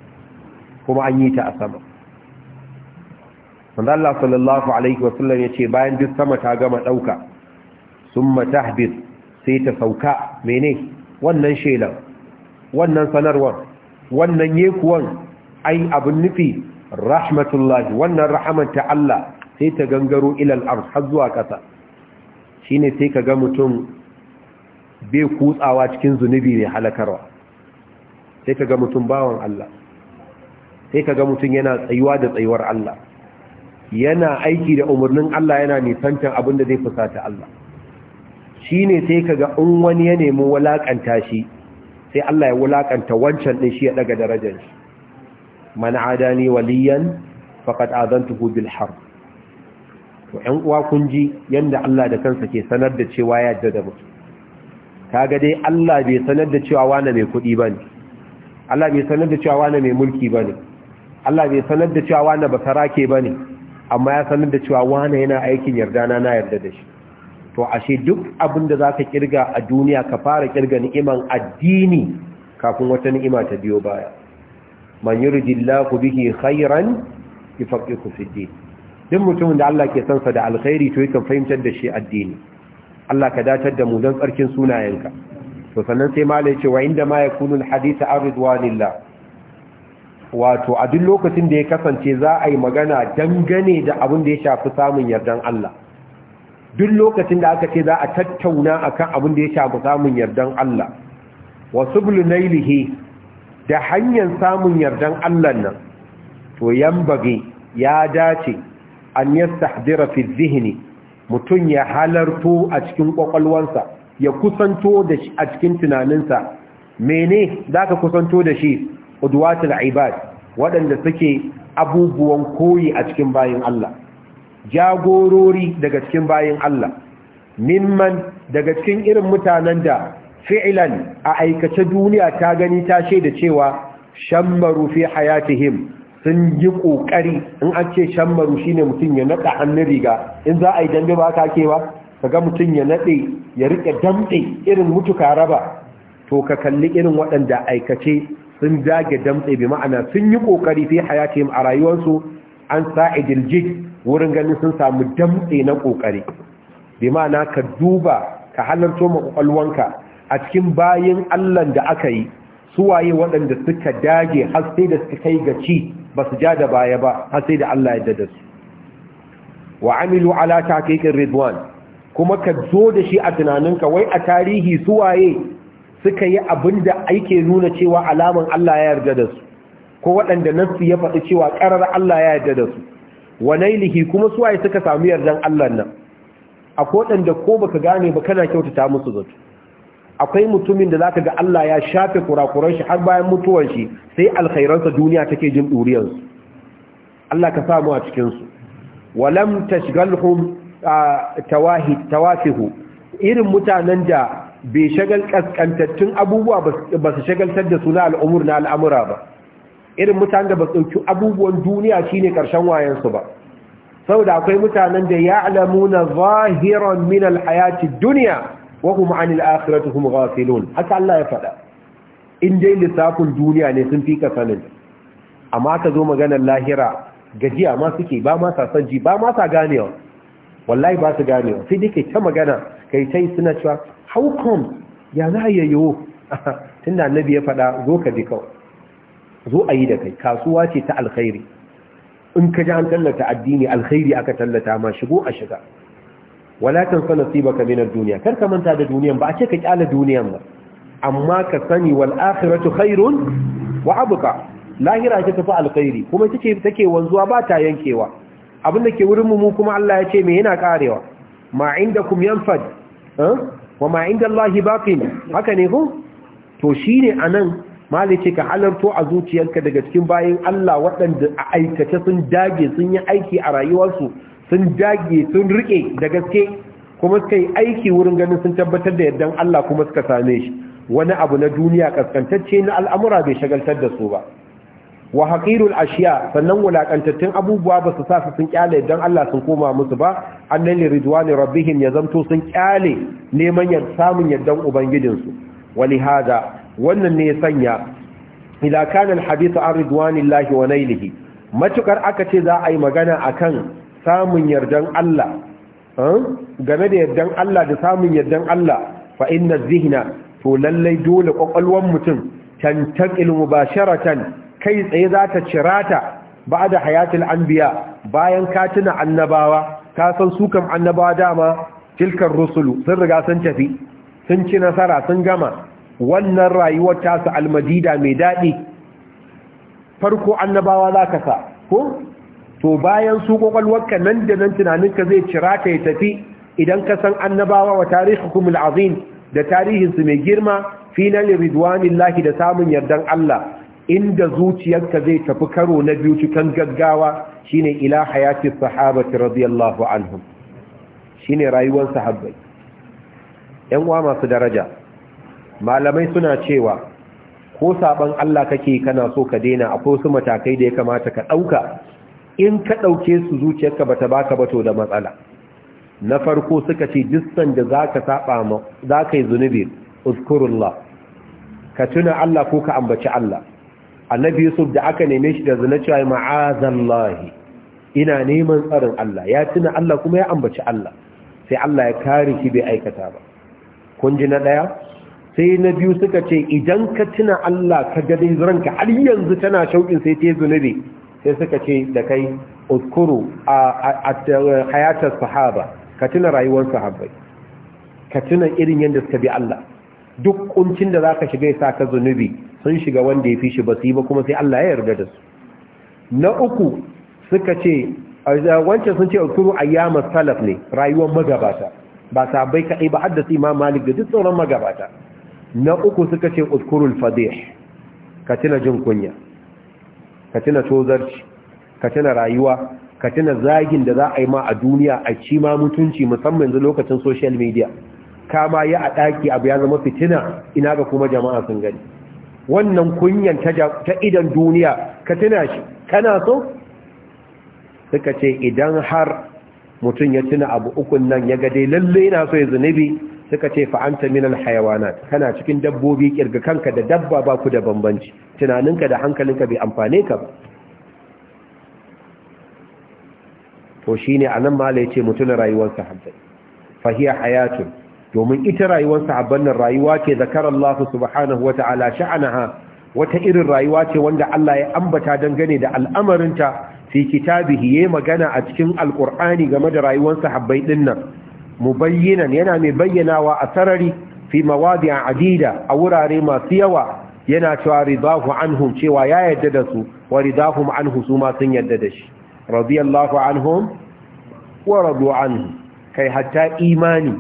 kuma an yi ta a sama wanda Allah sallallahu alaihi wasallam ya ce bayan duk sama ta gama ɗauka sun matahbir sai ta sauka mene wannan shelan wannan sanarwar wannan yekuwan ai abin nufi rahmatullahi wannan rahaman ta Allah sai ta gangaro ilal ars har zuwa ƙasa shine sai ka ga mutum bai kutsawa cikin zunubi mai halakarwa sai ka ga mutum bawan Allah sai ka ga mutum yana tsayuwa da tsayuwar Allah yana aiki da umarnin Allah yana nisantan abin da zai fusata Allah shi ne sai ka ga in wani ya nemi walakanta shi sai Allah ya wulakanta wancan din shi ya daga darajar shi man adani waliyan faqad azantuhu bil harb to ɗan uwa kun ji yanda Allah da kansa ke sanar da cewa ya jaddada mutu. kaga dai Allah bai sanar da cewa wani mai kuɗi bane Allah bai sanar da cewa wani mai mulki bane Allah bai sanar da cewa wani basarake bane amma ya sanar da cewa wani yana aikin yarda na na yarda da shi to ashe duk abin da za ka kirga a duniya ka fara kirga ni'iman addini kafin wata ni'ima ta biyo baya man yuridillahu bihi khairan yufaqihu fi din duk mutumin da Allah ke son sa da alkhairi to yakan fahimtar da shi addini Allah ka datar da mu don tsarkin sunayenka to sannan sai malai ce wa inda ma yakunu alhadith aridwanillah wato a duk lokacin da ya kasance za a yi magana dangane da abin da ya shafi samun yardan Allah duk lokacin da aka ce za a tattauna akan abin da ya shafi samun yardan Allah wasu sublu da hanyar samun yardan Allah nan to yambage ya dace an yastahdira fi dhihni mutun ya halarto a cikin ƙwaƙwalwansa ya kusanto da shi a cikin tunaninsa mene ka kusanto da shi udwatul ibad waɗanda suke abubuwan koyi a cikin bayan Allah jagorori daga cikin bayan Allah mimman daga cikin irin mutanen da fi'ilan a aikace duniya ta gani ta shaida cewa shammaru fi hayatihim sun yi kokari in an ce shammaru shine mutum ya nada hannun riga in za a yi dambe ba ka ke ba kaga mutum ya nade ya rike damɗe irin mutuka raba to ka kalli irin waɗanda aikace sun dage damɗe bi ma'ana sun yi kokari fi hayatihim a rayuwarsu an sa'idil jid wurin ganin sun samu damtse na kokari bi ma'ana ka duba ka halarto ma kwakwalwanka a cikin bayan Allah da aka yi suwaye waɗanda suka dage har sai da suka kai gaci ba su ja da baya ba har sai da Allah ya da su wa amilu ala taqiqir ridwan kuma ka zo da shi a tunaninka wai a tarihi suwaye suka yi abin da ake nuna cewa alaman Allah ya yarda da su ko waɗanda nasu ya faɗi cewa ƙarar Allah ya yarda da su wa nailihi kuma su waye suka samu yardan Allah nan akwai da ko baka gane ba kana kyautata musu zato akwai mutumin da zaka ga Allah ya shafe kurakuran shi har bayan mutuwar shi sai alkhairansa duniya take jin duriyar su Allah ka samu a cikin su walam tashghalhum tawahi tawafihu irin mutanen da bai shagal kaskantattun abubuwa ba su shagaltar da su na al'umur na al'amura ba irin mutane da ba ɗauki abubuwan duniya shine ƙarshen wayansu ba saboda akwai mutanen da ya alamu na zahiran min alhayati duniya wa hum anil akhirati hum ghafilun haka Allah ya faɗa in dai lissafin duniya ne sun fi ka sanin amma ka zo maganar lahira gajiya ma suke ba ma sa ba ma sa ganewa wallahi ba su ganewa sai dai kai ta magana kai ta yi suna cewa how come ya za a tun da annabi ya faɗa zo ka ji kawai zo a yi da kai kasuwa ce ta alkhairi in ka ji an tallata addini alkhairi aka tallata ma shigo a shiga wala tansa nasibaka min minar duniya. kar ka manta da duniyan ba a ce ka kyala duniyan ba amma ka sani wal akhiratu khairun wa abqa lahira ce tafi alkhairi kuma take take wanzuwa ba ta yankewa abinda ke wurin mu kuma Allah ya ce me yana karewa ma indakum yanfad eh? wa ma inda Allah baqin haka ne ko to shine anan malai ce ka halarto a zuciyarka daga cikin bayan Allah waɗanda a aikace sun dage sun yi aiki a rayuwarsu sun dage sun riƙe da gaske kuma suka yi aiki wurin ganin sun tabbatar da yardan Allah kuma suka same shi wani abu na duniya kaskantacce na al'amura bai shagaltar da su ba wa haqirul ashiya sannan wulakantattun abubuwa ba su sa su sun kyale dan Allah sun koma musu ba annan li ridwani rabbihim ya zanto sun kyale neman yar samun yardan ubangijinsu walihada wannan ne ya sanya Ila kana alhadith an ridwanillahi wa nailihi matukar aka ce za a yi magana akan samun yardan Allah eh, game da yardan Allah da samun yardan Allah fa inna zihna to lallai dole kwakwalwan mutum tantakil mubasharatan kai tsaye za ta cirata da hayatul anbiya bayan tuna annabawa ka san su kam annabawa dama tilkar rusulu sun riga sun tafi sun ci nasara sun gama wannan rayuwar tasa almadida mai daɗi farko annabawa za ka sa ko to bayan su kwakwalwarka nan da nan tunaninka zai cira ta ya tafi idan ka san annabawa wa tarihukum al'azim da tarihinsu mai girma final ridwanillahi da samun yardan Allah inda zuciyarka zai tafi karo na biyu cikin gaggawa shine ila hayati sahabati radiyallahu Shi ne rayuwar sahabbai yan uwa masu daraja malamai suna cewa ko saban Allah kake kana so ka daina akwai wasu matakai da ya kamata ka ɗauka in ka ɗauke su zuciyarka ba ta baka ba to da matsala na farko suka ce distan da za ka saba ma za ka yi zunubi uskurullah ka tuna Allah ko ka ambaci Allah annabi yusuf da aka neme shi da zina cewa ma'azallahi ina neman tsarin Allah ya tuna Allah kuma ya ambaci Allah sai Allah ya kare shi bai aikata ba kun ji na ɗaya sai na biyu suka ce idan ka tuna Allah ka ga har yanzu tana shauƙin sai ta zunubi sai suka ce da kai uskuru a hayatar sahaba ka tuna rayuwar sahabbai ka tuna irin yadda suka bi Allah duk kuncin da za ka shiga sa ka zunubi sun shiga wanda ya fi shi basu ba kuma sai Allah ya yarda da su na uku suka ce wancan sun ce uskuru ayyama salaf ne rayuwar magabata ba sabai kaɗai ba haddasa imam malik da duk sauran magabata na uku suka ce uskurul fadih ka tuna jin kunya ka tuna tozarci ka tuna rayuwa ka tuna zagin da za a yi ma a duniya a ci ma mutunci musamman yanzu lokacin social media ma yi a ɗaki abu ya zama fitina ina ga kuma jama'a sun gani wannan kunyan ta idan duniya ka tuna shi kana so suka ce idan har mutum ya tuna abu ukun nan ya ga dai lalle yana so ya zunubi suka ce fa'anta minal hayawanat kana cikin dabbobi kirga kanka da dabba ba ku da bambanci tunaninka da hankalinka bai amfane ka ba to shi ne a nan mala ya ce mutum rayuwar sahabbai fahiyar hayatun domin ita rayuwar sahabban rayuwa ce zakarar Allah subhanahu wa ta'ala sha'anaha wata irin rayuwa ce wanda Allah ya ambata dangane da al'amarinta fi kitabihi yayi magana a cikin alqur'ani game da rayuwar sahabbai ɗinnan mubayyinan yana mai bayyanawa a sarari fi mawadi adida a wurare masu yawa yana cewa ridahu anhum cewa ya yadda da su wa ridahum anhu su ma sun yadda da shi radiyallahu anhum wa radu anhu kai hatta imani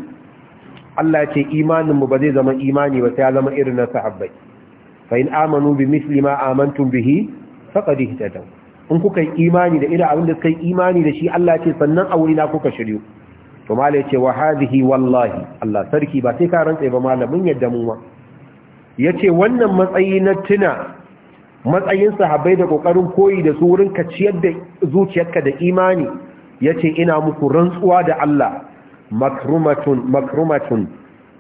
Allah ya ce imanin mu ba zai zama imani ba sai ya zama irin na sahabbai fa in amanu bi misli ma amantum bihi faqad ihtadaw in kuka yi imani da irin abin da kai imani da shi Allah ya ce sannan a wurina kuka shiryu to malai ce wa hadhihi wallahi Allah sarki ba sai ka rantsa ba malamin yadda mu ma yace wannan matsayi na tuna matsayin sahabbai da kokarin koyi da su wurin ka ciyar da zuciyarka da imani yace ina muku rantsuwa da Allah makrumatun makrumatun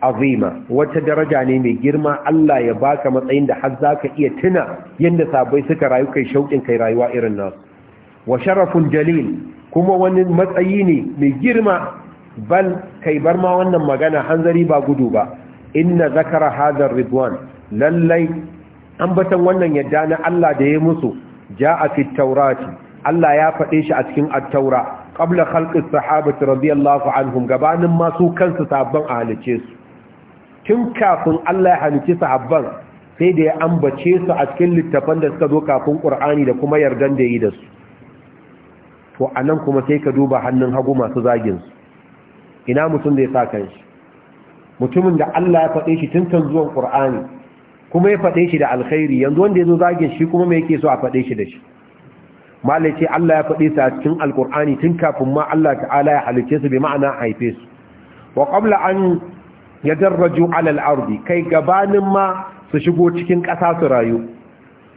azima wata daraja ne mai girma Allah ya baka matsayin da har zaka iya tuna yanda sahabbai suka rayu kai shaukin kai rayuwa irin nasu wa sharafun jalil kuma wani matsayi ne mai girma bal kai bar ma wannan magana hanzari ba gudu ba inna zakara hadar ridwan lallai ambatan wannan yadda na Allah da ya musu a fi taurati Allah ya faɗe shi a cikin at ƙabla qabla khalqi sahabati radiyallahu anhum gabanin masu kansu sabon a halice su tun kafin Allah ya halice sahabban sai da ya ambace su a cikin littafan da suka zo kafin Kur'ani da kuma yardan da yi da su to nan kuma sai ka duba hannun hagu masu zagin su ina mutum ya sa shi? mutumin da Allah ya faɗe shi tun kan zuwan Qur'ani kuma ya faɗe shi da alkhairi yanzu wanda zo zagin shi kuma me yake so a faɗe shi da shi malai ce Allah ya faɗe a cikin alkur'ani tun kafin ma Allah ta'ala ya halice su bi ma'ana haife su wa qabla an ya darraju alal ardi kai gabanin ma su shigo cikin ƙasa su rayu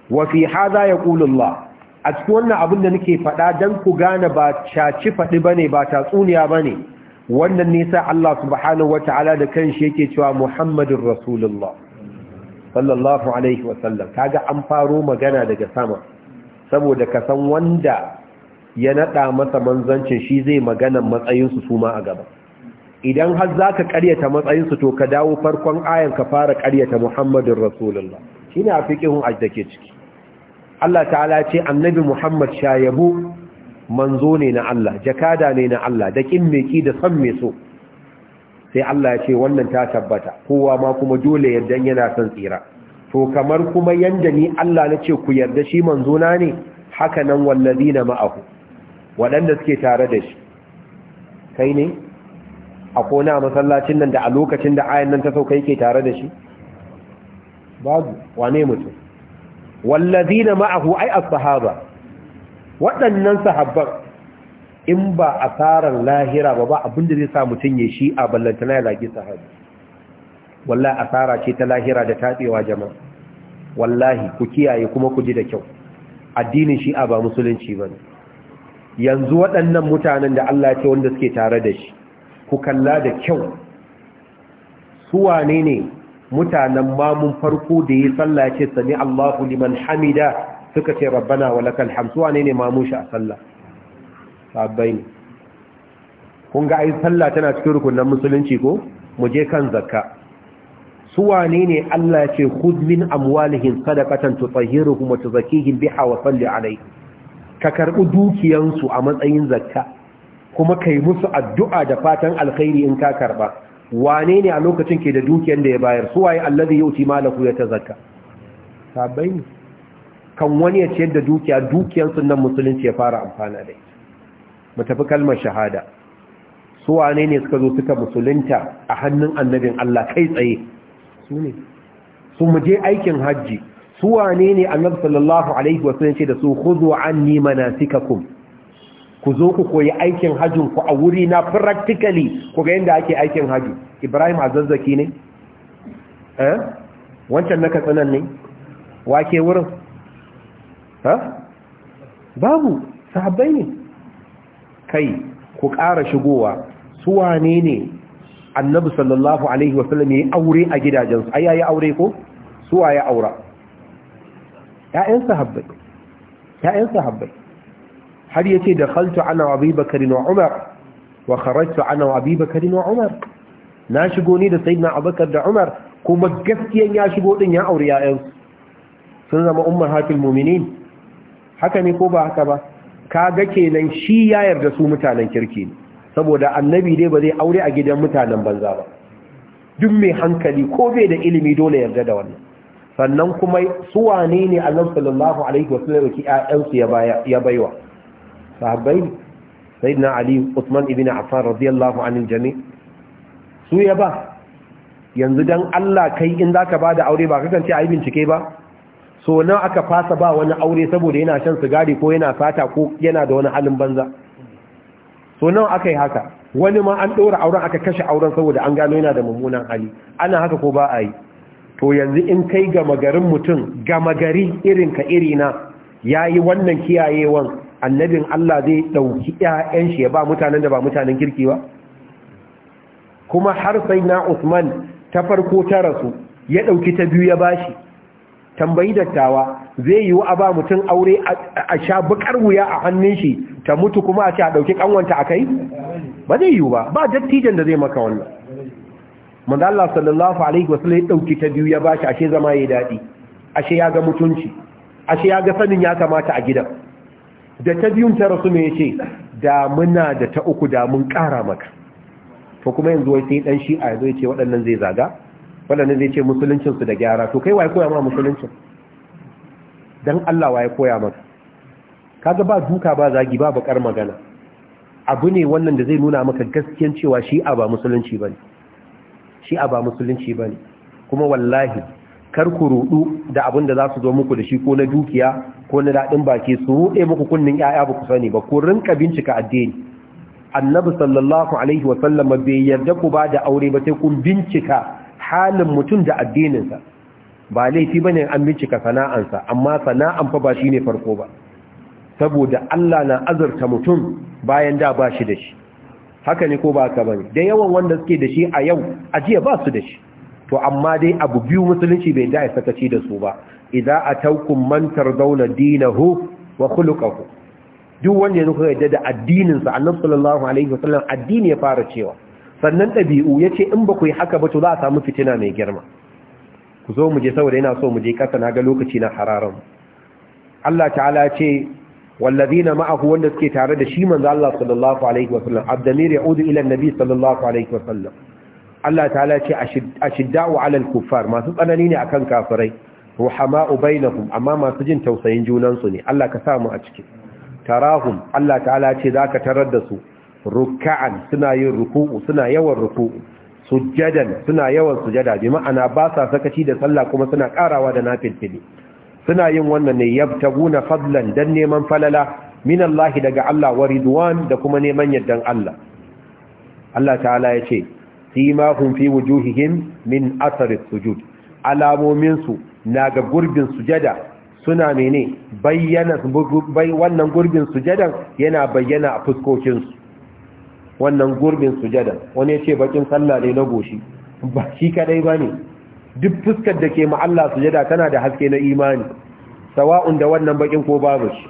wa fi ya yaqulu Allah a cikin wannan abin da nake faɗa dan ku gane ba caci faɗi bane ba tatsuniya bane wannan nisa Allah subhanahu wata'ala da kanshi yake cewa Muhammadur Rasulullah sallallahu alaihi wasallam kaga an faro magana daga sama saboda ka san wanda ya nada masa manzancin shi zai magana matsayin su suma a gaba idan har zaka ƙaryata matsayin su to ka dawo farkon ayan ka fara ƙaryata Muhammadur Rasulullah shine a fiqihun ajdake ciki Allah ta'ala ce annabi Muhammad shayabu manzo ne na Allah jakada ne na Allah da kin meki da san me so sai Allah ya ce wannan ta tabbata kowa ma kuma dole yadda yana son tsira to kamar kuma yanda ni Allah na ce ku yarda shi manzo na ne haka nan wallazina ma'ahu waɗanda suke tare da shi kai ne a kona masallacin nan da a lokacin da ayan nan ta sauka yake tare da shi babu wane mutum wallazina ma'ahu ai as-sahaba waɗannan sahabban in ba asarar lahira ba ba abinda zai sa mutum ya shi a ballantana ya lagi sahabi wallahi asara ce ta lahira da taɓewa jama'a wallahi ku kiyaye kuma ku ji da kyau addinin shi a ba musulunci ba yanzu waɗannan mutanen da Allah ce wanda suke tare da shi ku kalla da kyau su wane ne mutanen mamun farko da ya sallace sami Allahu liman hamida suka ce rabbana walakal hamsu wane ne mamushi a sallah ne kun ga ai sallah tana cikin rukunin musulunci ko mu je kan zakka su wane ne Allah ya ce khudh min amwalihim sadaqatan tutahhiruhum wa tuzakkihim biha wa salli alayhi ka karɓi dukiyansu a matsayin zakka kuma kai musu addu'a da fatan alkhairi in ka karba wane ne a lokacin ke da dukiyan da ya bayar su waye allazi yuti malahu ya tazakka Sabai ne kan wani ya ciyar da dukiya dukiyar sunan musulunci ya fara amfana da ita mu tafi kalmar shahada su wane ne suka zo suka musulunta a hannun annabin Allah kai tsaye su ne su mu je aikin hajji su wane ne annabi sallallahu alaihi wasallam ce da su khudhu anni manasikakum ku zo ku koyi aikin hajjin ku a wuri na practically ku ga yadda ake aikin hajji Ibrahim azazzaki ne eh wancan naka tsanan ne wake wurin ha babu sahabbai ne kai ku ƙara shigowa su wane ne annabi sallallahu alaihi wasallam yayi aure a gidajensu ai yayi aure ko su waye aura ƴaƴan sahabbai ƴaƴan sahabbai har yace dakhaltu ana wa abubakar wa umar wa kharajtu ana wa abubakar wa umar na shigo ni da sayyidina abubakar da umar kuma gaskiyan ya shigo din ya aure ƴaƴansu sun zama ummahatul mu'minin haka ne ko ba haka ba Ka ga kenan shi ya yarda su mutanen kirki ne saboda annabi dai ba zai aure a gidan mutanen banza ba duk mai hankali ko bai da ilimi dole yarda da wannan sannan kuma su wane ne Allah sallallahu alaihi wasallam ki ayyansu ya baya ya baiwa sahabbai sayyidina ali usman ibn affan radiyallahu anil jami su ya ba yanzu dan Allah kai in zaka bada aure ba kakan ce ai bincike ba so nawa aka fasa ba wani aure saboda yana shan sigari ko yana fata ko yana da wani halin banza so nawa aka yi haka wani ma an ɗora auren aka kashe auren saboda an gano yana da mummunan hali ana haka ko ba a yi to yanzu in kai gama garin mutum gama gari irin ka iri na ya yi wannan kiyayewan annabin Allah zai ɗauki ‘ya'yan shi ya ba mutanen da ba mutanen kirki ba kuma har sai na Usman ta farko ta rasu ya ɗauki ta biyu ya bashi tambayi dattawa zai yi wa ba mutum aure a sha bukar wuya a hannun shi ta mutu kuma a ce a ɗauki ƙanwanta a kai ba zai yi ba ba dattijan da zai maka wannan manzo Allah sallallahu alaihi wasallam ya ɗauki ta biyu ya bashi ashe zama ya daɗi ashe ya ga mutunci ashe ya ga sanin ya kamata a gidan da ta biyun ta rasu mai ce da muna da ta uku da mun ƙara maka to kuma yanzu wai sai dan shi a ya yace waɗannan zai zaga wannan zai ce musuluncin da gyara to kai waye koya ma musuluncin dan Allah waye koya maka kaga ba duka ba zagi ba bakar magana abu ne wannan da zai nuna maka gaskiyan cewa shi a ba musulunci bane shi a ba musulunci bane kuma wallahi kar ku rudu da abin da za su zo muku da shi ko na dukiya ko na daɗin baki su rude muku kunnin yaya ba ku sani ba ku rinka bincika addini annabi sallallahu alaihi wa sallam bai yarda ku ba da aure ba sai kun bincika halin mutum da addininsa ba laifi ba ne an bincika sana'ansa amma sana'an fa ba shi ne farko ba saboda Allah na azurta mutum bayan da ba shi da shi haka ne ko ba ka bane da yawan wanda suke da shi a yau a jiya ba su da shi to amma dai abu biyu musulunci bai da ya ci da su ba idza ataukum man tardawna dinahu wa khuluquhu duk wanda ya yadda da addinin sa annabi sallallahu alaihi wasallam addini ya fara cewa sannan ɗabi'u ya ce in ba ku yi haka ba to za a samu fitina mai girma ku zo mu je saboda yana so mu je ƙasa na ga lokaci na hararan Allah ta'ala ce wallazina ma'ahu wanda suke tare da shi manzo Allah sallallahu alaihi wa sallam abdamir ya'udu ila annabi sallallahu alaihi wa sallam Allah ta'ala ce ashidda'u 'ala al-kuffar masu tsanani ne akan kafirai ruhama'u bainahum amma masu jin tausayin junan su ne Allah ka sa mu a ciki tarahum Allah ta'ala ce zaka tarar da su ruka'an suna yin ruku'u suna yawan ruku'u sujjadan suna yawan sujada bi ma'ana ba sa sakaci da sallah kuma suna karawa da nafilfili suna yin wannan ne yabtaguna fadlan dan neman falala min Allah daga Allah wa ridwan da kuma neman yardan Allah Allah ta'ala ya ce hum fi wujuhihim min athari sujud alamomin su na ga gurbin sujada suna mene bayyana wannan gurbin sujadan yana bayyana a fuskokinsu. wannan gurbin sujada wani ya ce bakin sallah ne na goshi ba shi kadai ba ne duk fuskar da ke ma'alla sujada tana da haske na imani sawa'un da wannan bakin ko babu shi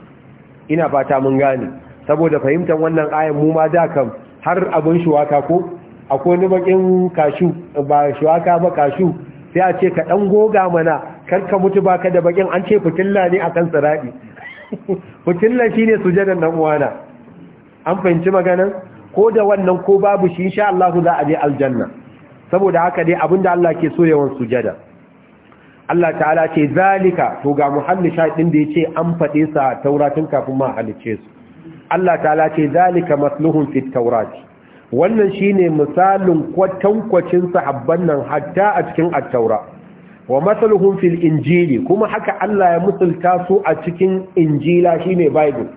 ina fata mun gane saboda fahimtar wannan ayan mu ma da kan har abin shuwaka ko akwai ni bakin kashu ba shuwaka ba kashu sai a ce ka dan goga mana kar ka mutu baka da bakin an ce fitilla ne akan tsiradi fitilla shine sujadan nan uwana an fahimci maganan ko da wannan ko babu shi insha Allah za a je aljanna saboda haka dai abinda Allah ke so yawan sujada Allah ta'ala ce zalika to ga muhalli shaɗin da yace an faɗe sa tauratin kafin ma halice su Allah ta'ala ce zalika masluhun fit taurat wannan shine misalin kwatankwacin sahabban nan hatta a cikin at-taura wa masluhun fil injili kuma haka Allah ya musulta su a cikin injila shine bible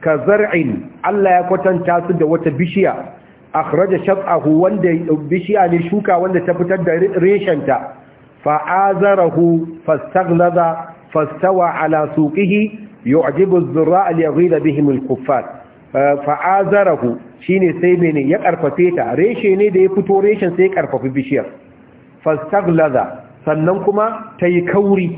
ka zar'in Allah ya kwatanta su da wata bishiya akhraja shab'ahu wanda bishiya ne shuka wanda ta fitar da reshenta fa azarahu fastaghlaza fastawa ala suqihi yu'jibu az-zurra'a liyghida bihim al-kuffar fa azarahu shine sai mene ya karfafe ta reshe ne da ya fito reshen sai ya karfafi bishiyar fastaghlaza sannan kuma tayi kauri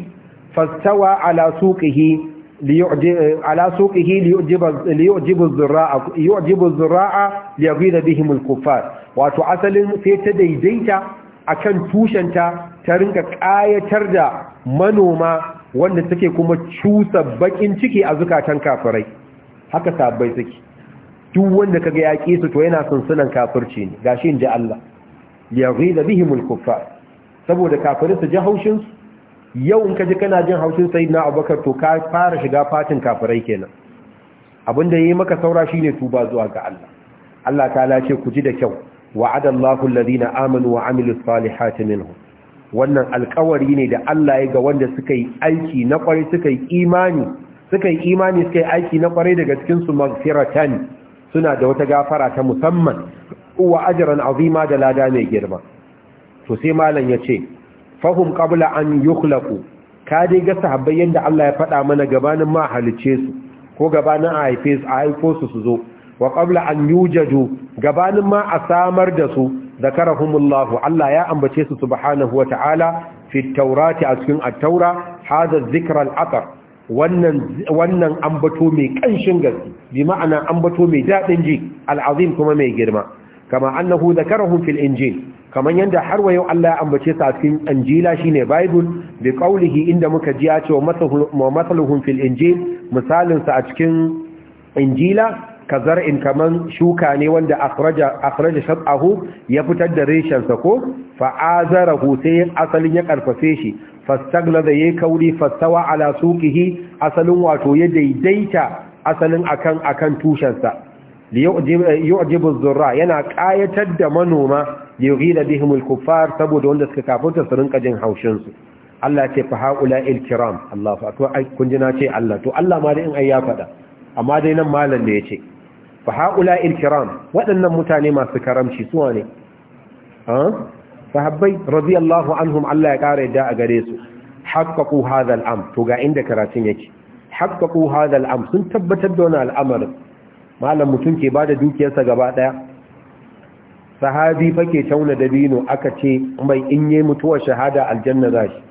fastawa ala suqihi ala سوقه ليعجب zurra'a yujibu zurra'a liyaghiza bihim al-kuffar wato asalin sai ta daidaita akan tushenta ta rinka kayatar da manoma wanda take kuma cusa bakin ciki a zukatan kafirai haka sabbai suke duk wanda kaga ya su to yana sunsunan kafirci ne gashi inda Allah ya ghida bihimul kuffar saboda kafirai su ji haushin su yau in ka ji kana jin haushin sayyidina abubakar to ka fara shiga fatin kafirai kenan Abin abinda yayi maka saura shine tuba zuwa ga Allah Allah ta'ala ce ku ji da kyau wa'adallahu alladhina amanu wa amilus salihati minhum wannan alkawari ne da Allah ya ga wanda suka yi aiki na kwarai suka yi imani suka yi imani suka yi aiki na kwarai daga cikin su magfiratan suna da wata gafara ta musamman wa ajran azima da lada mai girma to sai malam yace fahum qabla an yukhlaqu ka dai ga sahabbai yanda Allah ya faɗa mana gabanin ma halice su ko gabanin a haife su a haifo su su zo wa qabla an yujadu gabanin ma a samar da su zakarahumullahu Allah ya ambace su subhanahu wa ta'ala fi taurati a cikin at-taura hadha dhikra al wannan wannan ambato mai kanshin gaske bi ma'ana ambato mai dadin ji al-azim kuma mai girma kama annahu zakarahum fil injil kamar yadda har wa yau Allah ya ambace sa cikin Injila shine Bible bi kaulihi inda muka ji ya ce wa masaluhum fil Injil misalin sa a cikin Injila kazar in kaman shuka ne wanda akhraja akhraja shatahu ya fitar da reshen sa ko fa azarahu sai asalin ya karfafe shi fastaglaza yayi kauri fastawa ala suqihi asalin wato ya daidaita asalin akan akan tushen sa yu'jibu zurra yana ƙayatar da manoma yughila bihim al-kuffar saboda wanda suka kafurta su rinka jin haushinsu. su Allah ce fa haula al-kiram Allah fa to ai kun ji ce Allah to Allah ma dai in ai ya fada amma dai nan malam ne ya ce. haula al-kiram waɗannan mutane masu karamci su ne sahabbai radiyallahu anhum Allah ya kare da a gare su haqqaqu hadal am to ga inda karatun yake haqqaqu hadal am sun tabbatar da wani al'amarin malam mutum ke bada dukiyarsa gaba ɗaya sahabi ke tauna dabino aka ce mai in yi mutuwar shahada aljanna za shi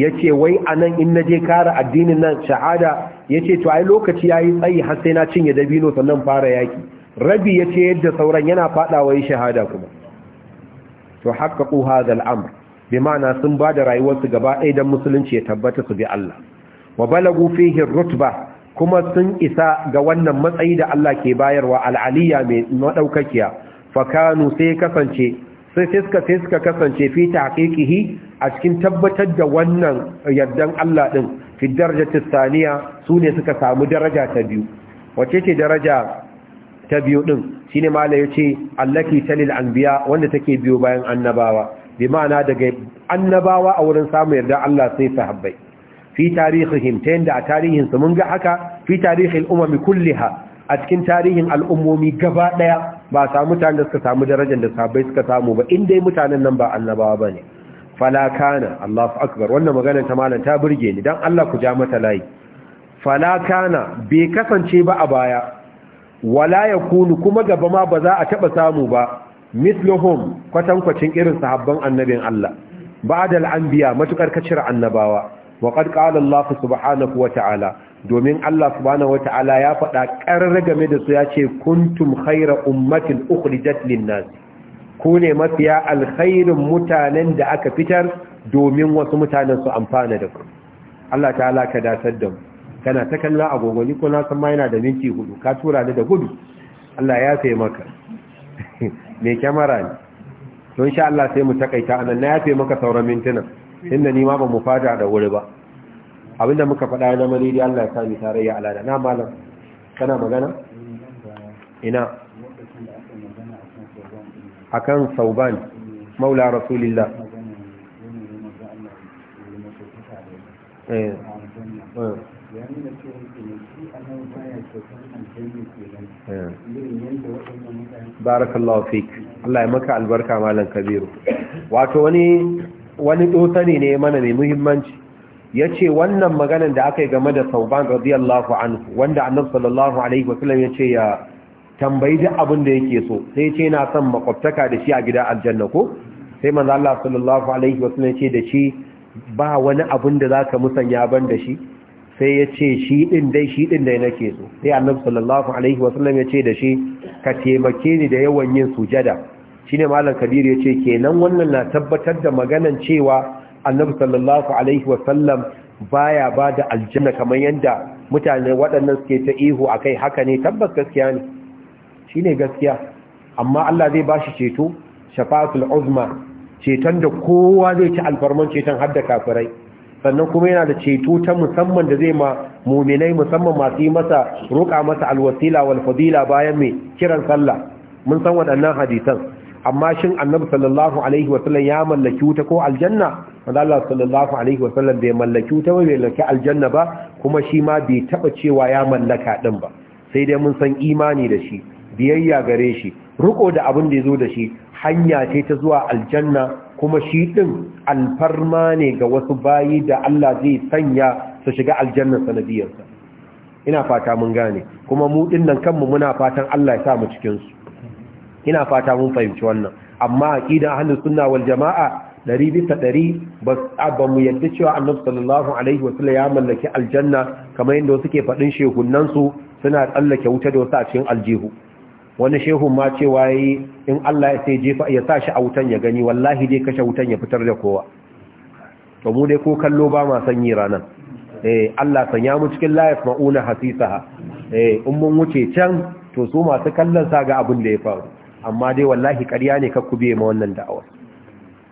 ya ce wai a nan in na je kara addinin nan shahada ya ce to ai lokaci ya yi tsayi har sai na cinye dabino sannan fara yaki rabi ya ce yadda sauran yana faɗawa yi shahada kuma to haƙaƙu hadha al'amr bi ma'ana sun bada rayuwarsu gaba ɗaya don musulunci ya tabbata su bi Allah wa balagu fihi rutba kuma sun isa ga wannan matsayi da Allah ke bayarwa al'aliya mai maɗaukakiya. fakanu sai kasance sai fiska fiska kasance fi tahqiqihi a cikin tabbatar da wannan yardan Allah ɗin, fi darajati saniya sune suka samu daraja ta biyu wace ce daraja ta biyu din shine mala yace allati talil biya. wanda take biyo bayan annabawa bi ma'ana daga annabawa a wurin samun yardan Allah sai sahabbai fi tarihihim ta yadda a tarihinsu mun ga haka fi tarihil umami kulliha a cikin tarihin al'ummomi gaba ɗaya ba sa mutane da suka samu darajar da sabai suka samu ba inda mutanen nan ba annabawa ba ne falakana allahu akbar wannan maganar ta malam ta burge ni don allah ku ja mata layi falakana bai kasance ba a baya wala ya kunu kuma gaba ma ba za a taɓa samu ba misluhum kwatankwacin irin sahabban annabin allah ba'dal anbiya matukar kacira annabawa wa qad qala Allah subhanahu wa ta'ala domin Allah subhanahu wa ta'ala ya faɗa game da su ya ce kuntum khaira ummatin ukhrijat lin-nas ku ne mafiya alkhairin mutanen da aka fitar domin wasu mutanen su amfana da ku Allah ta'ala ka dasar da mu kana ta kallon agogo ko na san ma yana da minti hudu ka tura ni da gudu Allah ya sai maka me kyamara ne to insha Allah sai mu takaita anan na yafe maka sauran mintuna inda ni ma ba mu fata da wuri ba abinda muka faɗa na malidi Allah ya sami tarayya alada na malam kana magana ina akan sauban maula rasulillah eh. Eh. barakallahu fik Allah ya maka albarka malam kabiru wato wani wani dosani ne mana mai muhimmanci ya ce wannan maganan da aka yi game da sauban radiyallahu anhu wanda annab sallallahu alaihi wasallam ya ce ya tambayi duk abin da yake so sai ce na son makwabtaka da shi a gida aljanna ko sai manzo Allah sallallahu alaihi wasallam ya ce da shi ba wani abin da zaka musanya ban da shi sai ya ce shi ɗin dai shi ɗin dai nake so sai annab sallallahu alaihi wasallam ya ce da shi ka taimake ni da yawan yin sujada shine malam kabir yace kenan wannan na tabbatar da maganan cewa annabi sallallahu alaihi wasallam baya bada aljanna kamar yadda mutane waɗannan suke ta ihu akai haka ne tabbas gaskiya ne shine gaskiya amma Allah zai bashi ceto shafa'atul uzma ceton da kowa zai ci alfarman ceton har da kafirai sannan kuma yana da ceto ta musamman da zai ma muminai musamman masu yi masa roƙa masa alwasila wal fadila bayan mai kiran sallah mun san waɗannan hadisan amma shin annabi sallallahu alaihi wasallam ya mallaki wuta ko aljanna manzo Allah sallallahu alaihi wasallam bai mallaki wuta ba bai mallaki aljanna ba kuma shi ma bai taba cewa ya mallaka din ba sai dai mun san imani da shi biyayya gare shi riko da abin da yazo da shi hanya ce ta zuwa aljanna kuma shi din alfarma ne ga wasu bayi da Allah zai sanya su shiga aljanna sanadiyarsa ina fata mun gane kuma mu dinnan kanmu muna fatan Allah ya sa mu cikin su ina fata mun fahimci wannan amma aqidan ahlus sunna wal jamaa dari bisa dari bas mu yadda cewa annabi sallallahu alaihi sallam ya mallaki aljanna kamar yadda suke faɗin shehunan su suna tsallake wuta da wasu a cikin aljihu wani shehun ma cewa yayi in Allah ya sai jefa ya sa shi a wutan ya gani wallahi dai kashe wutan ya fitar da kowa to mu dai ko kallo ba ma sanyi ranan eh Allah sanya mu cikin layaf mauna hasisaha eh in mun wuce can to su masu kallon sa ga abin da ya faru amma dai wallahi ƙarya ne ka kube ma wannan da'awar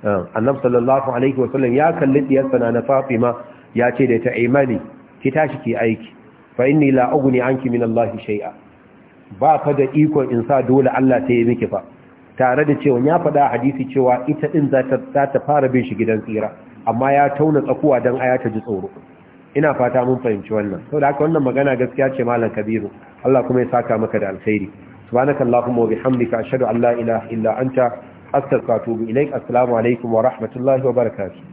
ah, annab sallallahu alaihi wasallam ya kalli diyarsa na na fatima ya ce da ta imani ki tashi ki aiki fa inni la ughni anki min Allah shay'a ba ka da ikon in sa dole Allah ta yi miki ba. tare da cewa ya faɗa hadisi cewa ita din za ta fara bin shi gidan tsira amma ya tauna tsakuwa dan aya ta ji tsoro ina fata mun fahimci wannan saboda haka wannan magana gaskiya ce malam kabiru Allah kuma ya saka maka da alkhairi subhanaka allahumma wa hamdi ashhadu an allah ilaha illa anta astaghfiruka wa atubu ilaik assalamu alaikum wa rahmatullahi wa barakatuh